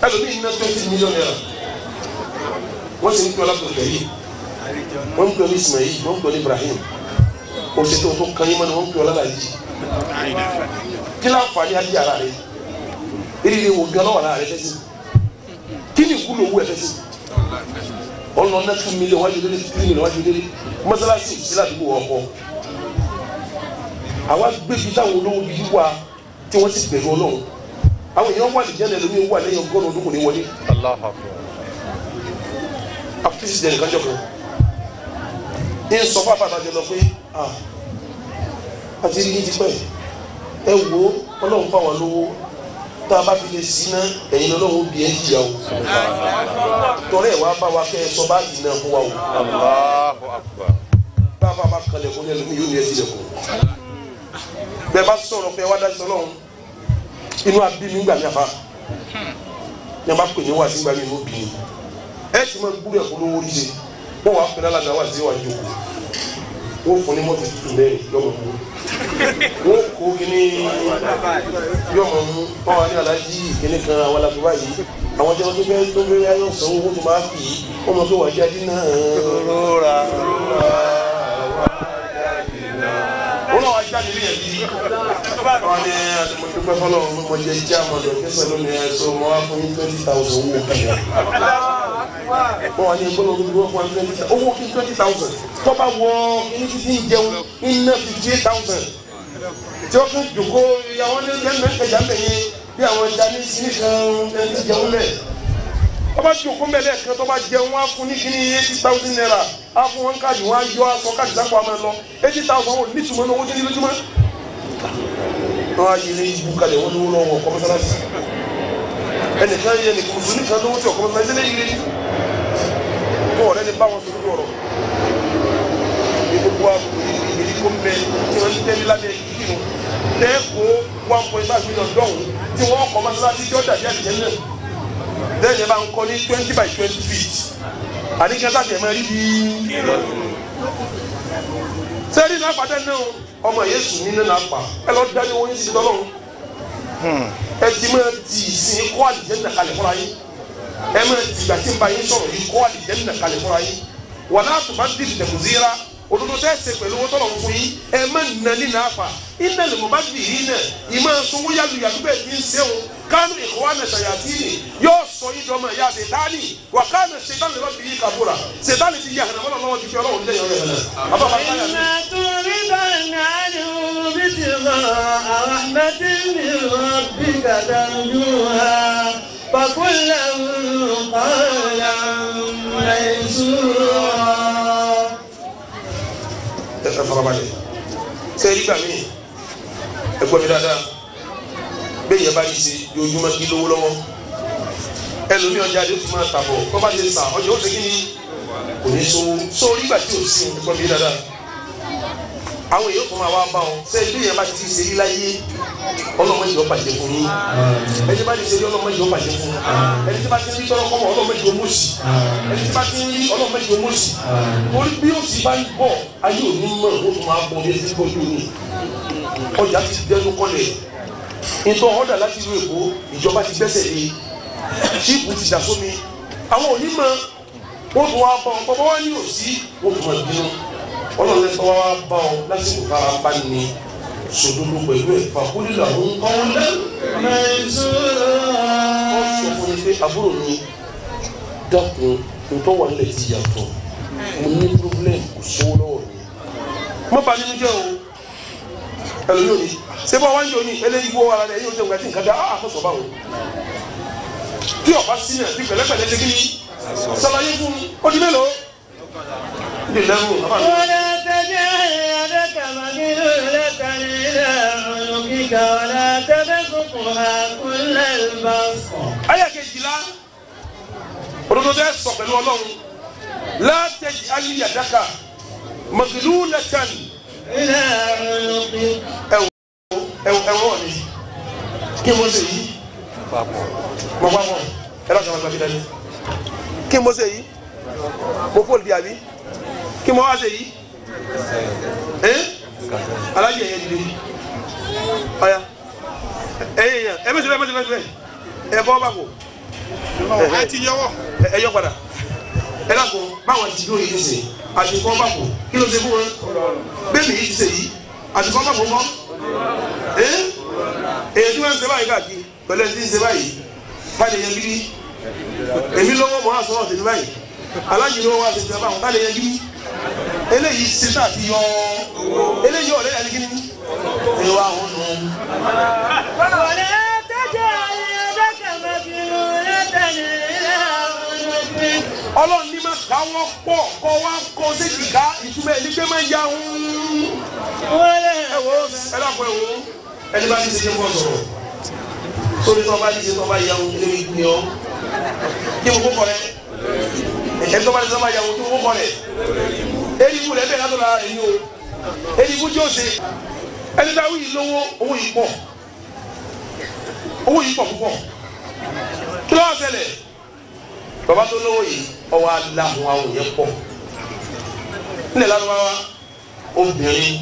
ẹ lómi iná twenty million naira wọ́n ti ń pè ọlọ́pàá òkè yìí wọ́n ń pè ní Ismail wọ́n ń pè ní Ibrahim òṣètò tó kan yín mọ́ ni wọ́n ń pè ọlọ́pàá yìí kí láǹfààní adé rẹ eré wo gan lọ́wọ́ ara kí ni ìwúlò owó ẹ̀ fẹ́ sí ọ̀nà ọ̀nà two million wájú délé three million wájú délé mọ́sálásì sí ládùúgbò ọkọ àwa gbébi táwọn olówó bíi wá tí wọ́n sì bẹ̀rù ọlọ́run àwọn èèyàn wà nìjẹ́ náà lómi wà lẹ́yìn ọgọ́rùn ọdún kò ní wọlé. àfitìsì dẹ̀ nìkan jọ̀kọ̀ ẹ ń sọ fún ti pẹ́ ẹ wo ọlọ́run fáwọn lówó tá a bá fi lè sinna ẹ̀yin lọ́wọ́ bí ẹ jìyà o tọ́lá ẹ̀ wá bá wa kẹ́ ẹ sọ bá jìnnà fún wa o bá a bá ma kalẹ̀ fún yẹn lómi yóò ní ẹ ti lẹ̀ kọ́ bẹ́ẹ̀ bá sọ̀rọ̀ pé wá dájú sọ́lọ́run inú abí mi gbà mí àfa ní a bá pè ní wá sí gbà mí inú bí mi ẹ ti máa gbúdọ̀ ẹ̀kọ́ lówó rí ṣe wọ́n wàá pè lálàdà wá sí wàá jókòó wọ́n fún ní mọ́tò tuntun bẹ́ẹ̀ lọ́wọ́ wọ́n kó kíní yóò mọ̀ mú wọ́n wá ní alájí kíní kan àwọn alágbèbá yìí àwọn jẹ́ wọn tó fẹ́ tó fẹ́ ayọ̀ sanwó wọ́n tó máa fi wọ́n mọ̀ pé wàá jáde náà. rọra wọ́n náà wàá jáde ní ẹ̀bí wọ́n ní mo dúpẹ́ fọlọ́ mo jẹ jẹ́ àmọ́dọ̀ kẹsàn-án lónìí ẹ̀ sọ mo wá fún yín twenty thousand owó kẹyà bọ́ọ̀ ni gbọ́dọ̀ gbogbo ọkọ̀ twenty thousand owó kí twenty thousand tọ́ba wọ ní títí jẹun ní ná fifty eight thousand tí ó kún jòkó ìyàwó ní ẹgbẹ́ ẹgbẹ́jà ń bẹ̀ yẹn bí àwọn ẹja ní sí kan jẹun lẹ̀ ọba jòkó mẹ́lẹ̀ kan tó jẹun wá fún ní kíní eighty thousand naira á fún wọn káàdì wọn á yọ aṣọ káàdì lápò àmọ́ ẹ lọ eighty thousand wọn ò ní ìtumọ̀ náà owó tó ní lójúmọ́. wọn á yẹlé ibú kalẹ̀ wọn lówó lọ́wọ́ ọkọ mọ́sálásí ẹnìkan yẹ nìkan mùsùlùmí kan lówó tí ọkọ mọ́sálásí kí wọn lẹ́ẹ̀kọ́ one point five million dọ́hùn tí wọ́n kọ́ mọ́sálásí tí ó dàbí àdìyẹ náà lẹ́yìn yẹn bá ń kọ́ ní twenty by twenty feet àdìyẹ sáà tẹ̀ mọ́ rí bí sẹ́ẹ̀rì náà pàdé náà ọmọ yéésù ní nínú apá ẹ lọ dání wọn yín sí tọ́lọ́run ẹ ti máa ti ìsìn kọ́ àdìyẹ nà kalẹ̀ fúnra yín ẹ máa ti ìgbà tí ń bá yín sọ̀rọ̀ yín kọ́ àdìyẹ nà kalẹ̀ fúnra yín wọ́n á tún bá dìbò òdodo tẹ́ ṣe pẹ̀lú owó tọ́lọ̀ fún yín ẹ má nà nínú àfà iná lè mọ̀ bá bì yín náà ìmọ̀ sanwó yàlù yàlù bẹ́ẹ̀ ti ń ṣe kánú ìkọ́wá náà ṣàyàtì ni yóò sọ yín dọ́mọ ìyá àtẹ̀tání wà kánú ṣètánì lọ́ọ́ bì kàbúrà ṣètánì ti yà hàn wọ́n ti fi ọlọ́run lẹ́yìn ọ̀rẹ́ rẹ̀. ìmọ̀ tó rí báyìí àdéhùn bí ti rọ àwọn àmọ́tí mi rọ bí gàdá ẹ farabalẹ̀ ṣe nígbà míì ẹ mi dáadáa bẹ́ẹ̀ yẹn bá yí sí ojoojúmọ́ kí lówó lọ́wọ́ ẹlòmí ọjà ló fi máa tàbọ̀ kọ́ bá ti sà ọjà ó ti kí ni kò ní sówó sórí ìgbà tí ò sí ẹ̀kọ́ mi dáadáa àwọn èèyàn kò máa wá bá wọn ṣé ilé yẹn bá ti ṣe rí láyé ọlọ́mọ ìjọ bàjẹ́ fún yín ẹni bá ti ṣe rí ọlọ́mọ ìjọ bàjẹ́ fún yín ẹni tí bá ti rí tọrọ kọ́mọ ọlọ́mọ ìjọ mọ̀ọ́sì ẹni tí bá ti rí ọlọ́mọ ìjọ mọ̀ọ́sì torí bí ó sì bá ń bọ̀ ayé òní mọ̀ ó tún máa bọ̀ bí ẹ ti bọ̀ yóò ní ọjà ti dẹnu kọlẹ̀ ìtọ́ ọ̀dà láti ìlú èkó ìjọba ti gbẹ́sẹ̀ lé ṣíìpù ti dà sómi àwọn onímọ̀ wọ́n tún wá bọ̀ ọ̀pọ̀ bọ́ wá ní òsì wọ́n tún wá bínú ọlọ́ni tó wá bá ọ lásìkò kára bá ní sòdodo pẹ̀lú ẹ̀ fàkúrì làwọn kọ́wọ́ lẹ́nu. ọ sọ fún mi pé àbúrò mi dákun ntọ́ wà nílẹ̀ ti yàtọ̀ mo ní problem kò sówó lọ́wọ́ mi. mo bá nínú jẹ́ o ẹlòmíràn ni ṣé bá wáyé òní eléyìí wọ ara rẹ yóò jẹ nǹkan tí nǹkan dá a ah, ah, kò sọ báwo tí ọba sílẹ̀ bí pẹ̀lẹ́pẹ̀lẹ́ ṣe kí ni sàlàyé fún mi ó di mélòó. ولا تجعل يدك مغلولة إلى ولا تبسطها كل البسط. Àyá kejìlá òdodo bẹ́ẹ̀ sọ pẹ̀lú Ọlọ́run لا تجعل يدك مغلولة إلى عنقك. ẹwọ ẹwọ ni kí mo ṣe yìí mo pa pọ ẹ lọ sọ ma gba mi dání kí mo ṣe yìí mo fóòlù di àbí kí mo wá ṣe yìí ẹ́n alájí ẹ̀yẹ dìde ọ̀ya ẹ̀yẹ yẹn ẹ mẹ́sẹ̀ bẹ́ẹ̀ mẹ́sẹ̀ bẹ́ẹ̀ ẹ bọ́ bá kò ẹ ti yọwọ́ ẹ yọ padà ẹ dàgbọ́ báwọn ti yóò yé ṣe àṣìkò bá kò kí ló ṣe fún wọn bẹ́ẹ̀ mi yìí ti ṣe yìí àṣìkò bá kò mọ́ ẹ́ èyí tí wọ́n ń ṣe báyìí káàkiri pẹ̀lú ẹ̀ ti ń ṣe báyìí báyìí yẹn bí èmi lọ́wọ́ mọ́ àṣọ ọ̀sẹ̀ ní báyìí aláàjì ni wọ́n wá ṣètò ẹ̀fà àwọn bá lè yẹ gírí eléyìí ṣe tá àti yọ eléyìí ọ̀rẹ́ yàrá gírí ẹ wá wọn nù. wọlé tẹjọ ayé dẹkẹ mẹbìrún lẹtẹlẹ ilé àwọn ọmọdé. ọlọ́run ní máa ká wọn pọ̀ kọ́ wá kọ́ séjì ká ìtumọ̀ ẹni pé máa ya ń. wọlé ẹ wo ẹ dàpọ̀ ẹ wo ẹni bá ti ṣe fún ọ sọ̀rọ̀ sórí tó bá ti ṣe tó bá yẹ ohun lórí ìgbìyànjú kí n kó kọ́ rẹ ẹni tó bá ti sábà yàwó tó kókọ rẹ̀ eribu rẹ̀ bẹ́ẹ̀ látọ̀la rẹ̀ ni o eribu tí ó ṣe ẹni tó awí lówó owó yìí pọ̀ owó yìí pọ̀ púpọ̀ kí ló wá bàbá tó lówó yìí ọwọ́ aláhùn àwọn yẹn pọ̀ nílẹ̀ lárúbáwá obìnrin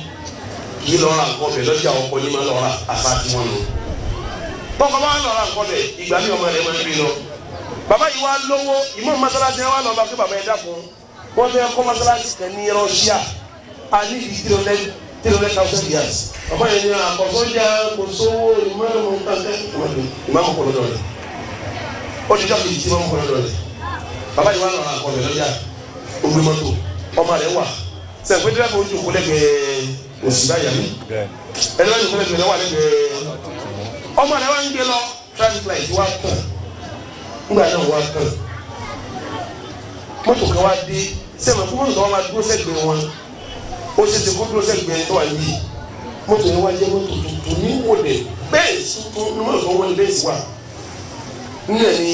yìí lọ ra nǹkan bẹ̀ lọ́jà ọkọ yìí máa lọ àbá tí wọ́n lò tọkọ bá lọ ra nǹkan bẹ̀ ìgbà mi ọmọ rẹ̀ máa ń lọ bàbá yìí wá lówó ìmọ̀ mọ́sálásí wa lọ bá pé bàbá yẹn dàpọ̀ wọ́n fẹ́ kọ́ mọ́sálásí kan ní Russia a ní ibi tí o lẹ́ tí o lẹ́ thousand years bàbá yẹn ní àkọ́sọ́jà kò sówó ìmọ̀ kankan ìmọ̀ kọ̀ọ̀lọ́ dọ̀ rẹ̀ ó ti dàpọ̀ ìdí ìmọ̀ kọ̀ọ̀lọ́ dọ̀ rẹ̀ bàbá yìí wá lọ àkọ́lẹ̀ lọ́jà omi mọ́tò ọmọ rẹ̀ wà sẹ̀fẹ̀ dẹ́rẹ́bù ojú kò lẹ́gbẹ̀ẹ́ òsì báyà mi ẹ̀rọ ojú kò lẹ́gbẹ̀ẹ́ wà lẹ́gbẹ̀ẹ́ ọmọ rẹ̀ wá ń gbé lọ traffic light wá tàn nígbà náà wá kàn mọ́tò kan wá dé sẹ́mi fún mọ́tò kan wá dúró sẹ́gbẹ̀ẹ́ wọn ó ṣe ti kó dúró sẹ́gbẹ̀ẹ́ tó wà yìí mọ́tò yẹn wá jẹ́ mọ́tò tuntun ní wọlé bẹ́ẹ̀sì tó ní mọ́tò kan wọlé bẹ́ẹ̀sì wà nílẹ̀ ní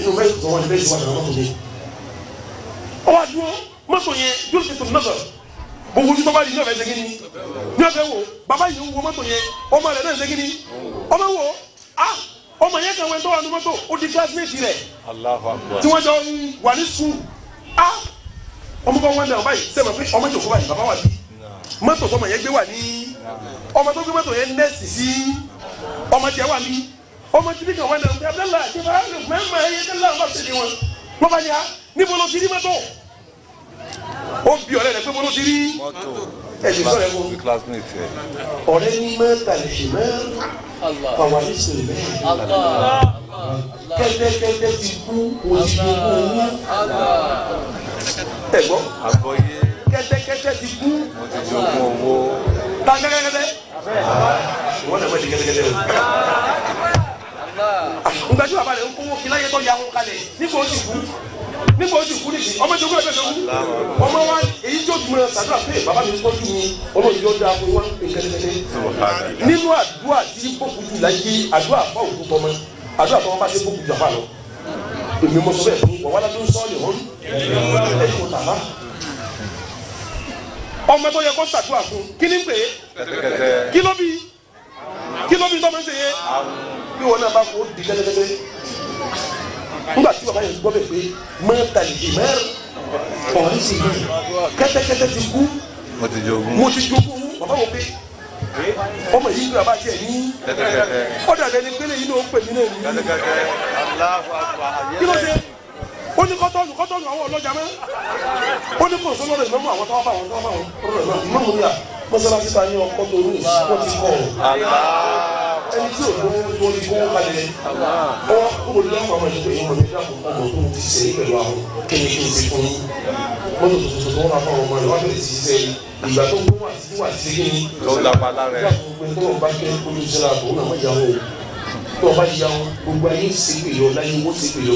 inú mọ́tò kan wọlé bẹ́ẹ̀sì wà lọ́wọ́ mọ́tò yẹn ó wá dúró mọ́tò yẹn dúró ṣe tó mọ́tò gbogbo ojú tó bá di ní ọ̀fẹ́ segin ni ní ọ̀fẹ́ wo bàbá yìí ń wo mọ́tò yẹn ọmọ rẹ̀ náà segin ni ọmọ wo ah ọmọ yẹn kan wẹ́n tó wà ní mọ́tò ó di gíláàsìmẹ́tì rẹ̀ tí wọ́n jọ wà ní sùn á ọmọ bá wọn dà ọba yìí sẹ́wọ̀n pé ọmọ jòkó báyìí bàbá wà bí mọ́tò tọmọ yẹn gbé wà ní ọmọ tó gbé mọ́tò yẹn nẹ́ẹ̀sì sí ọmọ tiẹ̀ wà ní ọmọ tí bí kan wà náà abdallah àti fàáyọ̀ mẹ́mà ẹ̀yẹ dẹ́là ọba ti di wọn lọ́ba ni a ah, níbo ló ti rí mọ́tò ó bí ọ̀rẹ́ rẹ̀ pé mo ti rí ẹ̀ fàwárí sì rẹ̀ kẹ́lẹ́kẹ́lẹ́ ti kú òsì owó owó ẹ gbọ́ kẹ́tẹ́kẹ́tẹ́ ti kú ta kẹ́tẹ́kẹ́tẹ́ wọ́n lè wọ́n di kẹ́tẹ́kẹ́tẹ́ o. ngbàdúrà ah, balẹ̀ ń kówó kí láyé tó yà wọ́n kalẹ̀ nígbà ó ti kú nígbà ojú kú nìyí ọmọ ìjọba ẹgbẹ́ ìjọba ọmọ wa èyí tí ó ti múra sàdúrà pé bàbá mi tọ́jú mi ọlọ́run yóò dáa fún wa nkẹ́lẹ́kẹ́lẹ́ nínú àdúrà tí bókù jù láyé àdúrà fọ́ òkú tọmọ àdúrà tọmọ bá ṣe bókù jù àbá lọ èmi mo sọ bẹ́ẹ̀ fún wa wàlá tó ń sọ́ọ̀lì hàn ẹ̀yìn kò tàbá ọmọ tó yẹ kó sàdúrà fún kí ni pé kí ló bí kí ló bí tọ́mọ ń nígbà tí bàbá yẹn gbọ́ bẹ̀ pé mẹ́tàlì mẹ́rin ọ̀hún sì yìí kẹ́tẹ́kẹ́tẹ́ ti kú mo ti jogún mo ti jogún bàbá wo pé ọmọ yìí ní abájẹ ní ọ̀dà lẹni pélé yìí ló ń pè mí náà ní kí ló dé ó ní kọ́tọ́ọ̀nù kọ́tọ́ọ̀nù àwọn ọlọ́jà mẹ́ ó ní kòròsó lọ́rọ̀ ìmọ̀mú àwọn tọ́wọ́ báwọn tọ́wọ́ báwọn rẹ̀ mọ́mú yà mọ́sálásí ta ní ọkọ́ tó rú ìsìnkú ti kọ́ ọ̀ ẹni tí òkú tó ní kó kalẹ̀ ọwọ́ kó lé àwọn ìṣòro yìí wọlé dàpọ̀ fún ọmọ tó ti ṣe pẹ̀lú àwọn kéde kí n ṣe fún yín mọ́tò tuntun tó ń ra fún ọmọ rẹ̀ wá bẹ̀rẹ̀ sí ṣe ìgbà tó kó wà sí wà sí kí ni ló ń lapa lára ẹ̀ tó ń bá kẹ́ kó ló ṣe ra àbò náà yà tó ń bá yà gbogbo ayé ń ṣe pèlò láyé wọ́n ṣe pèlò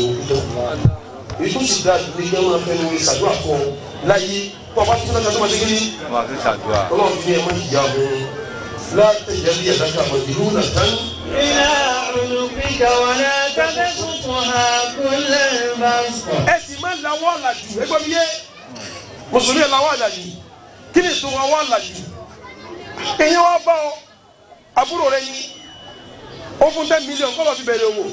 ètò sì dáa ní kí wọ́n fẹ́ lóore ṣàdúrà fún ọ láyé tó a bá tún náà ṣàdúrà ṣe kí ni ọlọ́run fi ẹ̀ لا تجعل يدك مجنونة إلى عنقك ولا تبسطها كل البسط. ẹ sì máa ń lawọ́ àlàjù ẹgbẹ́ mi yé mùsùlùmí lawọ́ àlàjù kí ni ìtumọ̀ wọ́ àlàjù ìyẹn wọ́n bá ọ àbúrò rẹ ni ó fún ten million kọ́ lọ́ọ́ fi bẹ̀rẹ̀ owó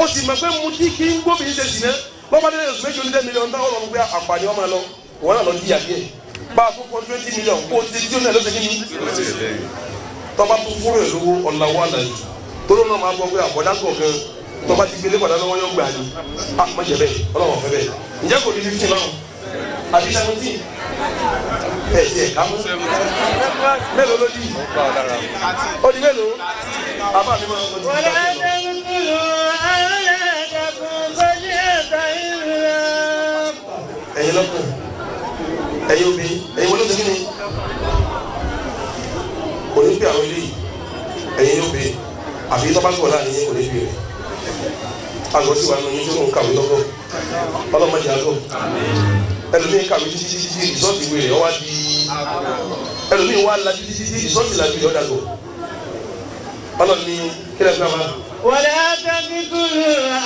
ó sì mọ̀ pé mu tí kí ń gbóbi ṣe sì náà lọ́ba dé oṣù méjì onídẹ́ mílíọ̀nù táwọn ọ̀rọ̀ gbé àpàdé ọmọ lọ òun náà lọ di àbí ẹ̀ bá a fún fún twenty million kó o ti tí ó náà ló ṣe ni tọ́ba tó fúrò ẹ̀ lówó ọ̀làwọ́ àlàyé tó lóun máa gbọ́ pé àbọ̀dá kọ̀ọ̀kan tọ́ba ti gbélé bọ̀dá lọ́wọ́ yóò gbà ní a má jẹ bẹ́ẹ̀ ọlọ́wọ́ fẹ́ bẹ́ẹ̀ ǹjẹ́ kò ní fífi náà àbí sẹ́mùtì ẹ̀ ẹ̀ kámú mélòó ló di ó di mélòó bàbá mi máa ń bọ̀ ẹ̀yin lọ́kùn ẹ̀yin obìnrin ẹ̀yin wọlé obìnrin ní bí àwọn eléyìí ẹ̀yin ló pe àfi tọ́ bá sọ̀rọ̀ láàrin yín kò ní bí rẹ̀ àgọ́ sì wà nínú yín ń kàwé lọ́wọ́ ọlọ́mọdé àgọ́ ẹlòmíì kàwé títí rìsọ́ọ̀tì ìwé ọwá di ẹlòmíì wà lájú títí rìsọ́ọ̀tì làjú ìyọ́dà lọ ọlọ́ni kílẹ̀ fún wa. wọlé àtàkì kúrò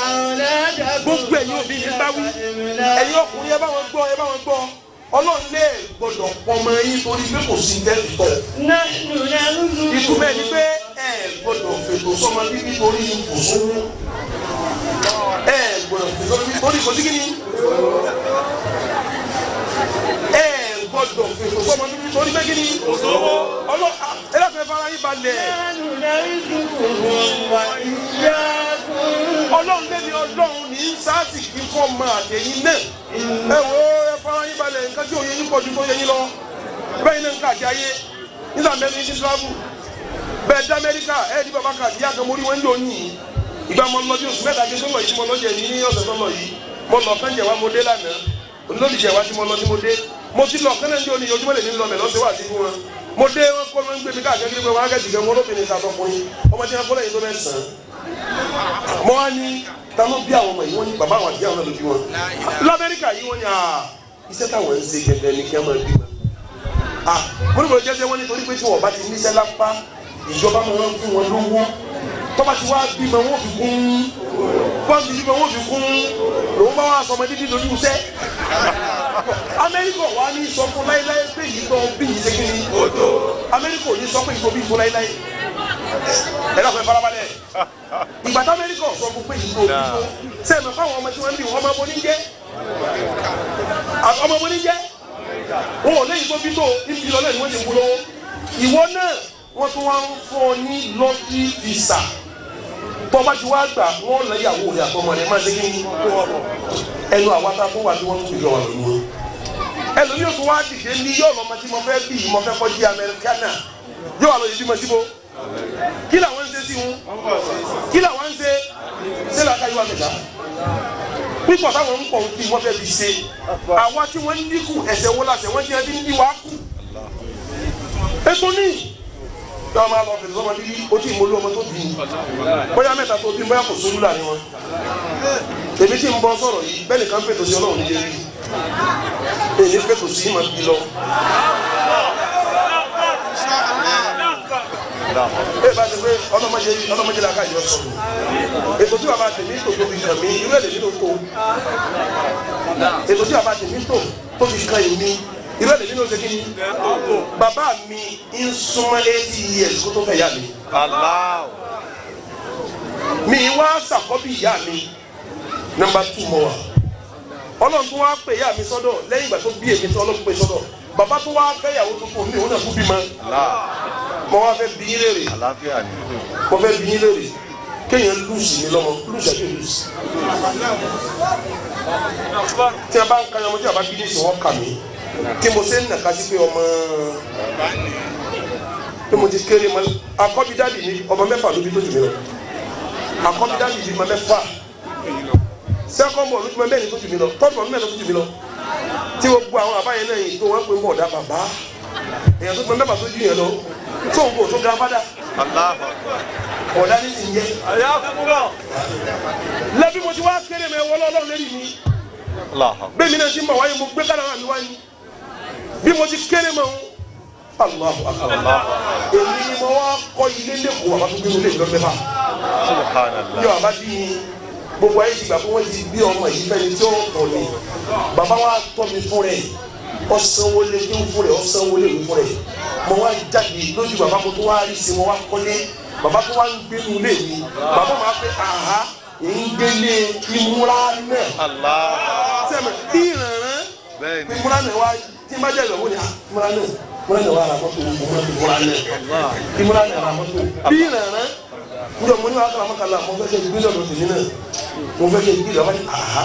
àwọn ọ̀lẹ́ àdàgbò. gbogbo ẹ̀yin òbí ẹ̀yin ọkùnrin ẹ bá wọn gbọ́ ẹ bá wọn gbọ́ ọlọ́run lè gbọ́dọ̀ pọmọ yín torí pé kò sí dẹ́tọ̀. ìtumọ̀ ẹni pé ẹ gbọ́dọ̀ fètò sọmọ bíbí torí kò sówó. ẹ gbọ́dọ̀ fètò torí kò sí kí ni. ẹ gbọ́dọ̀ fètò sọmọ bíbí torí pé kí ni. kò sówó. ọlọ́run ẹ lọ́sẹ̀ fara yín balẹ̀. ọlọ́run lẹ́ni ọlọ́run ní sáàsì kí fọ́ máa tẹ̀yìn náà. ẹ wo fara yín balẹ̀ nǹkan tí òye yín pọ̀ ju tó yẹ yín lọ bẹ́ẹ̀ náà ń kà sí ayé nígbà mẹ́rin ti travel bẹ́ẹ̀ dá Amẹ́ríkà ẹ̀ ní bàbá kà sí àgàmórí wọn ń lò ìgbà mọ́ lọ bí oṣù mẹ́ta ti tó lọ yìí mọ́ lọ jẹ ní ọ̀sẹ̀ tó lọ yìí mọ́ lọ kán jẹ̀wá mo dé lánàá olóòlì jẹ̀wá tí mo lọ tí mo dé mo ti lọ kán ní oníyojúmọ́ lè ní lọ lọ́sẹ̀ wà sí fún wọn mo dé wọn kọ́ ló ń gbé mi káàkiri pé wọn á kẹ́sì wọn lóbìnrin tàbọ̀kùnrin ọmọ tí wọn kọ́ lẹ́yìn tó bẹ́ẹ̀ sàn mọ́ wá ní ta bí àwọn ọmọ yìí wọ́n ní bàbá àwọn àti iṣẹ́ táwọn ń ṣe gẹ́gẹ́ ni kí wọ́n máa bímọ. ah gbọ́dọ̀ jẹ́jẹ́ wọn nítorí pé tí wọ́n bá ti níṣẹ́ lápá ìjọba máa ń fún wọn lówó tọ́ba ti wá bímọ wọn fi kún bọ́ọ̀sì bímọ wọn fi kún lòun bá wà sọmọ dídí lójú sẹ́. amẹ́ríkà wà ní sọ fún láéláé pé yìí bí yìí ṣe kíni amẹ́ríkà ò ní sọ pé yìí tó bí fún láéláé ẹ lọ́kọ̀ ẹ farabalẹ̀ ìgbà tí amẹ́ríkà sọ fún pé yìí tó bí fún sẹ́ẹ̀mẹ̀ fáwọn ọmọ tí wọ́n ń bí wọ́n máa bọ́ ní ọmọ wọn ní jẹ́ wọn ò léyìn tó tó ibi lọ lẹ́nu wọn ti wú ìwọ náà wọ́n tún wá ń fún ní lọ́tí visa bọ́ bá ti wá gbà wọ́n lọ ìyàwó rẹ̀ àtọmọ rẹ̀ máa dégé ní ẹnu àwa tá a fún wa tí wọ́n ń fi lọ wà lónìí ẹlòmí yóò tún wá dìde ní yóò lọ́mọ tí mo fẹ́ bì í mo fẹ́ kọ́ di amẹ́ríkánà yóò wà lọ ìbímọ síbo kí làwọn ń ṣe sí wọn kí làwọn ń ṣe ṣé làákàyè wà mẹ́ta pípọ̀ táwọn ń pọ̀ òfin wọ́n fẹ́ fi ṣe àwa tí wọ́n ń dínkù ẹ̀sẹ̀ wọ́n láṣẹ wọ́n jẹ́ bí ń díwá kù. ètò ní yọ máa lọ fèrè sọmọ bíbí ó ti mọlú ọmọ tó bí i bóyá mẹ́ta tó bí i bóyá kò sólú là wọn. èmi tí ń bọ́ sọ̀rọ̀ yìí bẹ́ẹ̀ nìkan fètò sí ọlọ́run nílé rí èyí fètò sí ìmọ̀ bí lọ ẹ bá ti pé ọlọ́mọdé ọlọ́mọdé la ká yọ sọ ètò tí bàbá tèmi tó tóbi kàn mí irú ẹ̀ lèmi tó tó ètò tí bàbá tèmi tó tóbi kàn mí irú ẹ̀ lèmi tó tẹ́kí ni bàbá mi ń súnmọ́lé ti yẹ kó tó fẹ́ yá mi. mi wá sàkọ́bí ìyá mi nọ́mbà tù mọ́ wa ọlọ́run tó wá pè yá mi sọ́dọ̀ lẹ́yìn ìgbà tó bí èmi tó ọlọ́run pè sọ́dọ̀ bàbá tó wá fẹ́yàwó tuntun mi òun náà kú bímọ mo wá fẹ́ bí yín léèrè mo fẹ́ bí yín léèrè kéèyàn lùsì mi lọ́mọ lùsì àti lùsì tí a bá ń ka ọmọ tí a bá bí yín sọ wọ́n kà mí tí mo ṣe ń nàka sí pé ọmọ tí mo ti kéré ma akọ́bí dáàbì ni ọmọ mẹ́fà ló bí tó jù mí lọ akọ́bí dáàbì ni ọmọ mẹ́fà sẹ́kọ̀mù ọ̀lùjúmọ́ mẹ́rin tó jù mí lọ tọ́jú ọ̀lùmẹ́rin tó jù mí lọ tí gbogbo àwọn àbáyé náà yìí tó wọ́n pè ń bọ̀ ọ̀dà bàbá èèyàn tó gbọ́ mẹ́fà tó ju yẹn lọ tó ń bò tó ga fada ọ̀dà ní ti yẹ. àyà kúrọ̀ lẹ́bí mo ti wá kéré mẹ́ wọ́lọ́lọ́ lérí mi bẹ́ẹ̀ mi náà ti mọ̀ wáyé mo gbé kára mi wáyé bí mo ti kéré mọ́ Allahu akbar èmi ni mo wá kọ́ ilé lẹ́kọ̀ọ́ àbátúgbé mo lè lọ mẹ́fà yóò àbájú yìí gbogbo ayé ti gbà pé wọ́n ti bí ọmọ yìí fẹ́ni tí ó tọ̀ ni bàbá wa tọ́ mi fún rẹ̀ ọ̀sánwó lé ní òwú rẹ̀ ọ̀sánwó lé òwú rẹ̀ mo wá jáde lójú bàbá mo tó wá rí sí mo wá kọ́lé bàbá tó wá ń gbé nu lé mi bàbá máa fẹ́ àhá ń gbélé ìmúra náà sẹ́mi ìrànràn ìmúra náà wá tí n bá jẹ́ ìyàwó ni ah, ìmúra náà ìmúra náà wà rà ìmúra náà ìmúra ìrànràn njọ mo ní wàá kàrà mọ́kànlá mo fẹ́ kẹ́ gbé lọ́dọ̀ tèmi náà mo fẹ́ kẹ́ gbé lọ́dọ̀ tèmi náà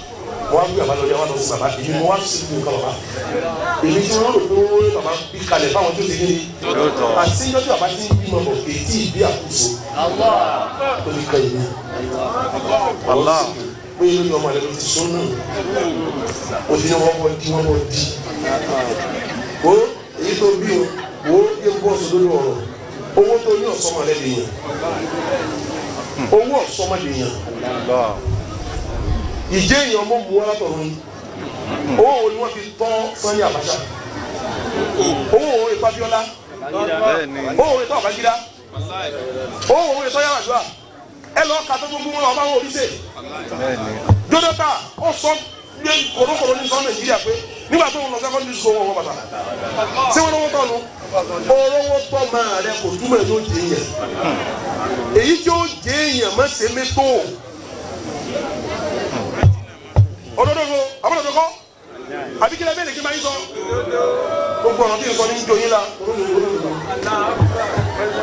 wọ́n á gbé bàbá lọ sí bàbá èmi mo wá sí ìlú nǹkan bàbá èmi tí wọ́n rò pé wọ́n bí kalẹ̀ fáwọn tó ti ní àti yọjú bàbá tí ń bímọ bọ̀ ètí ìbí àkóso tó ní ka ìlú pé inú ni ọmọ rẹ ti sún nù o ti ní wọ́n bọ̀ di wọ́n bọ̀ di o èyí tó bí o wo yẹ bọ́ ọ̀sọ̀ lórí ọ̀rọ̀ owó tó ní ọ̀sọ́mọ rẹ lè yàn owó ọ̀sọ́mọ lè yàn ìjẹ́ èèyàn mọ́ mú wọn látọ̀rọ̀ yìí owó wo ni wọ́n fi tọ́ Sani Abacha owó wo ètò Abiola owó wo ètò Babangida owó wo ètò Yar'Adua ẹ lọ́ọ́ ka tó gbogbo wọn ọba wọn oríṣẹ́ jódótà ó sọ gbé kòrókòró ní sọ Nàìjíríà pé nígbà tó ń lọ sẹ́kọ́ ní sọ wọn wọn bàtà sí wọn lọ́wọ́ tọ́nu olówó tọ́ máa rẹ kò túmọ̀ ẹ̀ ló jẹ́ yẹn èyí tí ó jẹ́ yẹn mọ́ sẹ́mẹ́tò òdodo àbọ̀dọ̀dọ̀ kọ́ àbí kílẹ̀ bẹ́ẹ̀ lè kí n máa yí sọ gbogbo ọ̀nà tí n sọ ní jọ yín la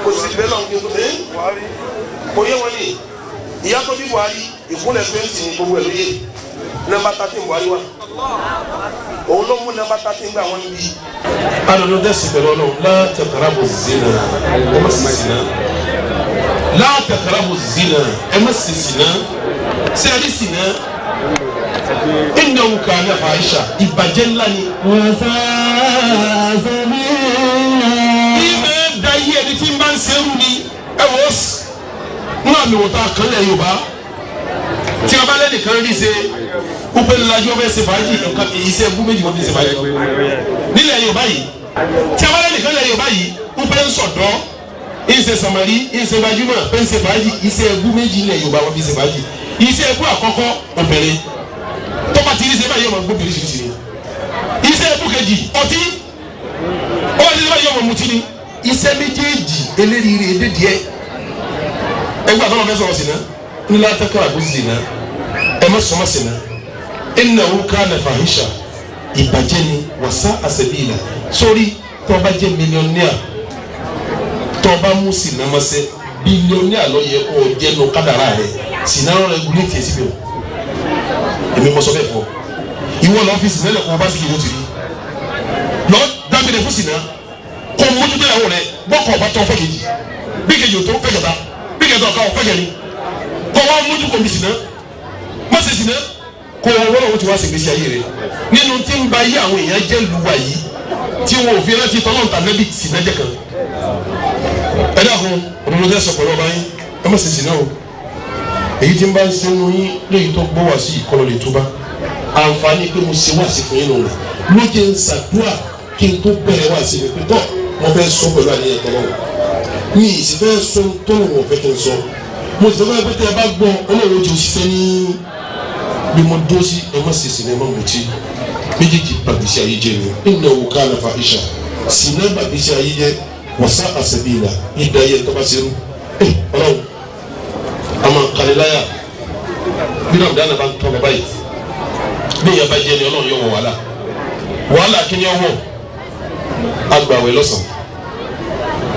kò sí bẹ́ẹ̀ lọ́n kí n tó dé kò yé wọn ni ìyá tó bí Buhari ìfúnlẹ̀ twenty ní gbogbo ẹ̀ ló yé nọ́mbà thirteen Buhari wa òun ló mú nọ́mbà thirteen gbà wọn níbí. alonso dẹ́sí pẹ̀lú ọlọ́run láti kàrà bò zina ẹ má sì sìnà láti kàrà bò zina ẹ má sì sìnà sí àdìsí náà ẹnna wò kàn ní fàáyíṣà ìbàjẹ́ ńlá ni. wọ́sà sẹ́mi. ibẹ̀ da yí ẹni tí n bá ń sẹ́wù ni ẹ wò ó sì ń àmì wòtá kanlẹ̀ Yorùbá tí a bá lẹ́nu kan rí ṣe kúpẹ́ ńlájú ọbẹ̀ ṣe fàájì nǹkan iṣẹ́ ẹgbẹ́ méjì wọ́n fi ṣe fàájì nílẹ̀ Yorùbá yìí tí a bá lẹ́nu kan lẹ̀ Yorùbá yìí kúpẹ́ ń sọ̀dọ́ ìṣe sàmàlí ìṣe gbajúmọ̀ pé ń ṣe fàájì iṣẹ́ ẹgbẹ́ méjì nílẹ̀ Yorùbá wọ́n fi ṣe fàájì iṣẹ́ ẹgbẹ́ àkọ́kọ́ obìnrin bọ́ bá ti rí sẹ́yìn báyìí yóò máa gbóbi oríṣiríṣi ni iṣẹ́ ẹ̀kú kejì ọtí ó wà nílẹ̀ báyìí yóò máa mutí ni iṣẹ́ méjèèjì eléríire dédìẹ ẹgbẹ́ àtọ́nà fẹ́ sọ̀rọ̀ sínú ńlá tẹ́kọ̀ àgbóṣìṣì náà ẹ má sọmọ́ sínú ẹnna òun ká nàfà híṣà ìbàjẹ́ ni wàsá àṣẹbí ìlà sórí tọ́ba jẹ́ mílíọ̀nìà tọ́ba mú sínú ẹmọ́sẹ́ bílíọ̀nìà lọ́yẹ kó jẹ́nu kádàrá rẹ̀ sínú ẹ̀rọ rẹ̀ gúlẹ̀ tẹ̀síbẹ̀ o èmi mo sọ bẹ́ẹ̀ fún ọ ìwọ lọ fi sísẹ́lẹ̀ kó o bá sì kí o ti rí lọ dábìlẹ̀ fún sìnà kó o mójútó ìyàwó rẹ bọ́kọ̀ ọba tó fẹ́ kejì bí kejì ò tó fẹ́ kẹta bí kẹta ọ̀ka ò fẹ́ kẹni kó o wá mójú kò mi sìnà má ṣe sìnà kó o wọ́n lọ́wọ́ ti wá sègbèsè ayé rẹ nínú tí ń ba yí àwọn èèyàn jẹ́ luwa yìí tí wọn ò fi rántí tọ́lọ́ ta nẹ́bí sìnà jẹ́ kan ẹ dákun òdòdó tẹ́ sọ pẹ̀lú ọba yín ẹ má ṣe sìnà o èyí tí n bá ń sẹ́nu yín léyìí tó gbọ́ wá sí ìkọlọ̀ lè tó bá àǹfààní pé mo ṣe wá sí fún yín lòun ló jẹ́ ń ṣàdúrà kí n tó bẹ̀rẹ̀ wá sí mi pípọ̀ mo fẹ́ sọ pẹ̀lú àníyàn tọ́lọ́ wọn mi ì sì fẹ́ sọ tó wọn fẹ́ kí n sọ mo sì fẹ́ pé tẹ́ ẹ bá gbọ́ ọlọ́run ti ṣiṣẹ́ ní bí mo dúró sí ẹ má ṣe sinimá mutí méjèèjì bàbísí ayé jẹ ni ìnà wò ká nàfà ìṣà sinimá bàbísí ayé jẹ wàsá àṣẹbí ìlà ìdáyẹ tọ́ba ṣerú eh, ọlọ́run kaniláyà bí náà dáná bá ń tọ́ bàbá yìí bí ìyá bá jẹ́ ni ọlọ́run yóò wọ wàhálà wàhálà kí ni ó wọ̀ agbàwẹ̀ lọ́sàn-án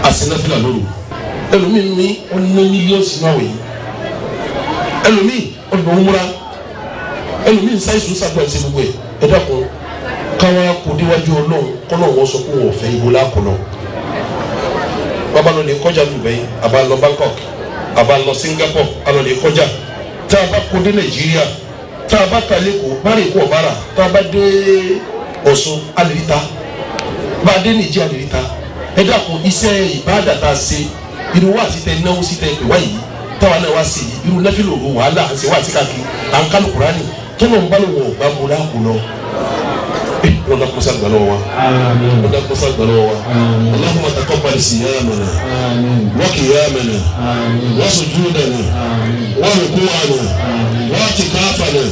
àsìnáfìlà lóru ẹlòmíì ní ọ̀nà mílíọ̀nù sínú àwẹ̀ yìí ẹlòmíì ọ̀nà òmùra ẹlòmíì ṣàìsùn ṣàgbà ṣe gbogbo ẹ̀ ẹ dákun káwọn kò déwájú ọlọ́run kọ́nà wọn sọ pé wọn ò fẹ́ ìbò lákòlọ́ babalọ́ ni kọjá lù bẹ́ẹ̀ abalọ́ Bangkok a bá lọ Singapore a lọ lè kọjá tá a bá kó dé Nàìjíríà tá a bá ta lẹ́kọ̀ọ́ bára èkó ọ̀bára tá a bá dé Ọ̀ṣun a lè rí ta bá a dé Nàìjíríà a lè ẹ dàpọ̀ iṣẹ́ ìbáàdà tá a ṣe irú wá sí tẹ náwó sí tẹ ìwá yìí táwa náà wá sí irú lẹ́fìlì òru wàhálà àti wá sí káàkiri à ń kálukú rání tó lóun bá lóun ò bá mu lọ ولا قصر بلوة ولا قصر بلوة اللهم تقبل صيامنا وقيامنا وسجودنا وركوعنا واعتكافنا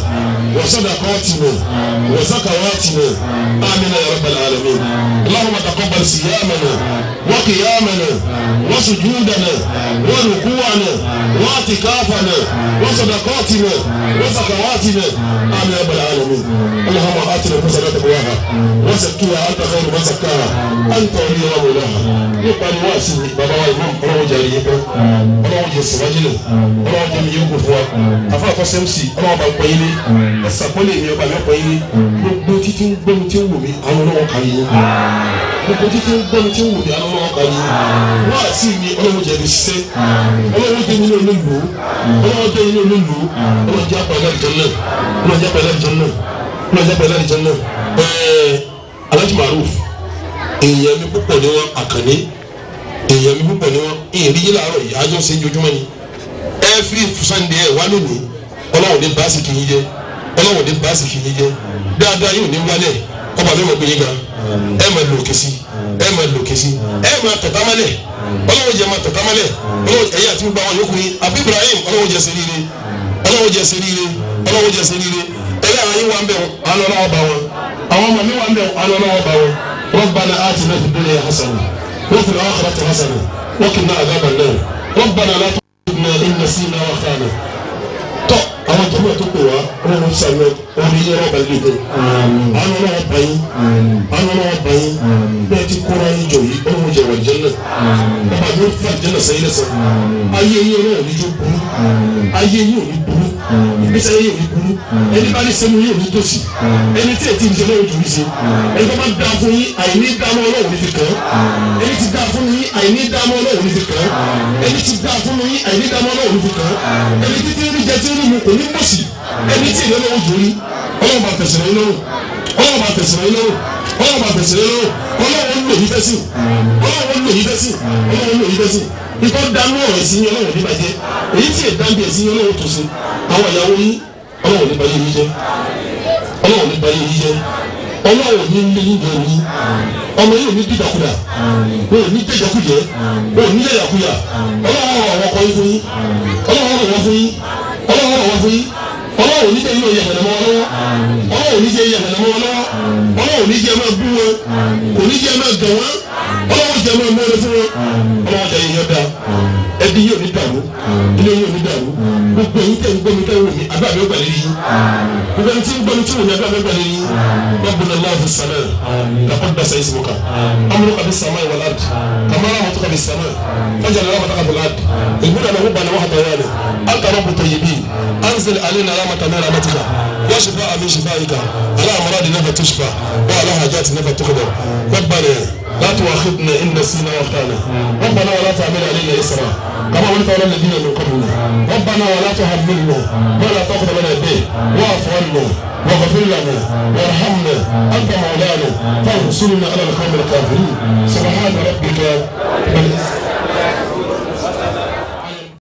وصدقاتنا وزكواتنا آمين يا رب العالمين اللهم تقبل صيامنا وقيامنا وسجودنا وركوعنا واعتكافنا وصدقاتنا وزكواتنا آمين يا رب العالمين اللهم آتنا فرصة تقواها وزكيها أنت خير من زكاها أنت وليها ومولاها يبقى نواسي بابا وإمام ọlọ́wọ́ jẹ ẹ̀yẹ́pẹ́ ọlọ́wọ́ jẹ sèwájìlẹ̀ ọlọ́wọ́ jẹ mi yóò kó fún wa àfa àfọsẹ́ mc ọlọ́wọ́ bá pẹ́ yín ní ẹ̀sà pọ́lẹ̀ mi ọba mi ọ̀pẹ́ yín ní gbogbo títí ń gbẹ́mi tí ń wù mí àwọn ọlọ́wọ́ kà yín gbogbo títí ń gbẹ́mi tí ń wù mí àwọn ọlọ́wọ́ kà yín wọ́n àti mi ọlọ́wọ́ jẹ mi ṣiṣẹ́ ọlọ́wọ́ jẹ mi ní olóòlù ọlọ́wọ́ jẹ mi ní olóòlù ọlọ́wọ́ jẹ apẹ̀lẹ́ ìjọ náà ọlọ́wọ́ jẹ apẹ̀lẹ́ ìjọ náà náà jẹ́ pẹ̀lú àdìjẹ́ náà ẹ̀ẹ́ alájú maruf èèyàn mi púpọ̀ ni wọ́n àkànní èèyàn mi púpọ̀ ni wọ́n èèrí yìí làárọ̀ yìí àjọ ṣe jojúmọ́ ni every sunday ẹ̀ wá lónìí ọlọ́run ní báàsì kì í jẹ ọlọ́run ní báàsì kì í jẹ dáadáa yóò ní wálẹ̀ ọba mi mọ̀ gbé yín ga ẹ máa lò kesi ẹ máa lò kesi ẹ máa tẹ̀támálẹ̀ ọlọ́run jẹ́ máa tẹ̀támálẹ̀ ọlọ́run ẹ̀yà àti gbogbo àwọn yòókù yín àbí Ibrahim ọlọ́run jẹ́ ṣe rire ọlọ́run jẹ́ ṣe rire ọlọ́run jẹ́ ṣe rire eléyàwó yín wà ń bẹ̀ alọ́lọ́wọ́ bá wọn àwọn ọmọ mi wà ń bẹ̀ alọ́lọ́wọ́ bá wọn rabbana atina fid dunya hasana wa fil akhirati hasana wa qina adhaban nar rabbana la tu'akhidhna in nasina wa akhtana tọ́ àwọn tó bá tó pè wá wọn ń sàmì orí yẹn rọ́bà yìí dé alọ́lọ́wọ́ bá yín alọ́lọ́wọ́ bá yín bẹ́ẹ̀ ti kóra yín jọ yìí ó ń jẹ wà jẹ́nà bàbá mi yín náà ní yóò ayé yín ò ní ibi sẹ́yìn yóò burú ẹni bá ní sẹ́nu yóò ní tòsí ẹni tí ètí ìjọba yóò dùn sí ẹni tó bá dá fún yín àìní dáná ọlọ́run ti kàn ẹni tí dá fún yín àìní dáná ọlọ́run ti kàn ẹni tí dá fún yín àìní dáná ọlọ́run ti kàn ẹni tí tí ń rí jẹ tí ń rí mu kò ní mọ̀sí ẹni tí ìlú ọlọ́run dùn yín ọlọ́run bá tẹ̀sán yín lọ́rùn ọlọ́run bá tẹ̀sán yín lọ́rùn ọlọ́run bàbẹ̀ sí lérò ọlọ́run ló yí fẹ́sì ọlọ́run ló yí fẹ́sì ọlọ́run ló yí fẹ́sì ikọ́ dánú ọ̀rọ̀ ẹ̀sìn yín ọlọ́run ní bàjẹ́ èyí tí èdè àbí ẹ̀sìn yín ọlọ́run tó sí àwọn ìyàwó yín ọlọ́run ní bàjẹ́ yín jẹ́ ọlọ́run ní bàjẹ́ yín jẹ́ ọlọ́run ní ní ní ìjọ yín ọmọ yìí ò ní dídàkudà ò ní jẹjẹkujẹ ò ní yẹyàkuya ọlọ́run ọ̀wọ́ kọ́ yín fún yín ọlọ́run ọ̀wọ́ fún yín ọlọ́run ọ̀wọ́ fún yín ọlọ́run níṣẹ́ yóò yẹ ẹ̀nàmọ́ lọ́wọ́ ọlọ́run níṣẹ́ yẹ ẹ̀nàmọ́ lọ́wọ́ ọlọ́run níṣẹ́ máa bú wọn kò níṣẹ́ máa gàn wọn ọlọ́run níṣẹ́ máa mú wọn fún wọn ọlọ́run jẹ́ yẹn dáa ẹbí yóò ní dàrú ilé yóò ní dàrú gbogbo yín tẹ̀ ń gbọ́ mi tẹ́ wò mí àdúrà mi gbàlẹ́ yìí gbogbo ẹni tí ń gbọ́ni tí wò ní àdúrà mi gbàlẹ́ yìí wọ́n bọ̀ lọ́wọ́ fi sàmà lakọ́ni dasa yìí sọ̀kà amúlò kàbí sàmà ìwà láàdì kàmára mọ̀tò kàbí sàmà fẹ́jà lọ́wọ́ bàtà kàbí láàdì ègbúdà lọ́wọ́ bàlẹ́ wọ́n àtàwọn yàrá àtàwọn bùtọ̀ yìí bí anzil alina ramata náírà mẹ́tìkà yà ṣùfà àmì ṣùfà yìí kà alá àmàlà dì náà fẹ́ wọ́n alá لا تؤاخذنا إن نسينا وأخطأنا ربنا ولا تعمل علينا إسرا كما عملت على الذين من قبلنا ربنا ولا تحملنا ما لا طاقة لنا به واعف عنا واغفر لنا وارحمنا أنت مولانا فانصرنا على القوم الكافرين سبحان ربك بالعزة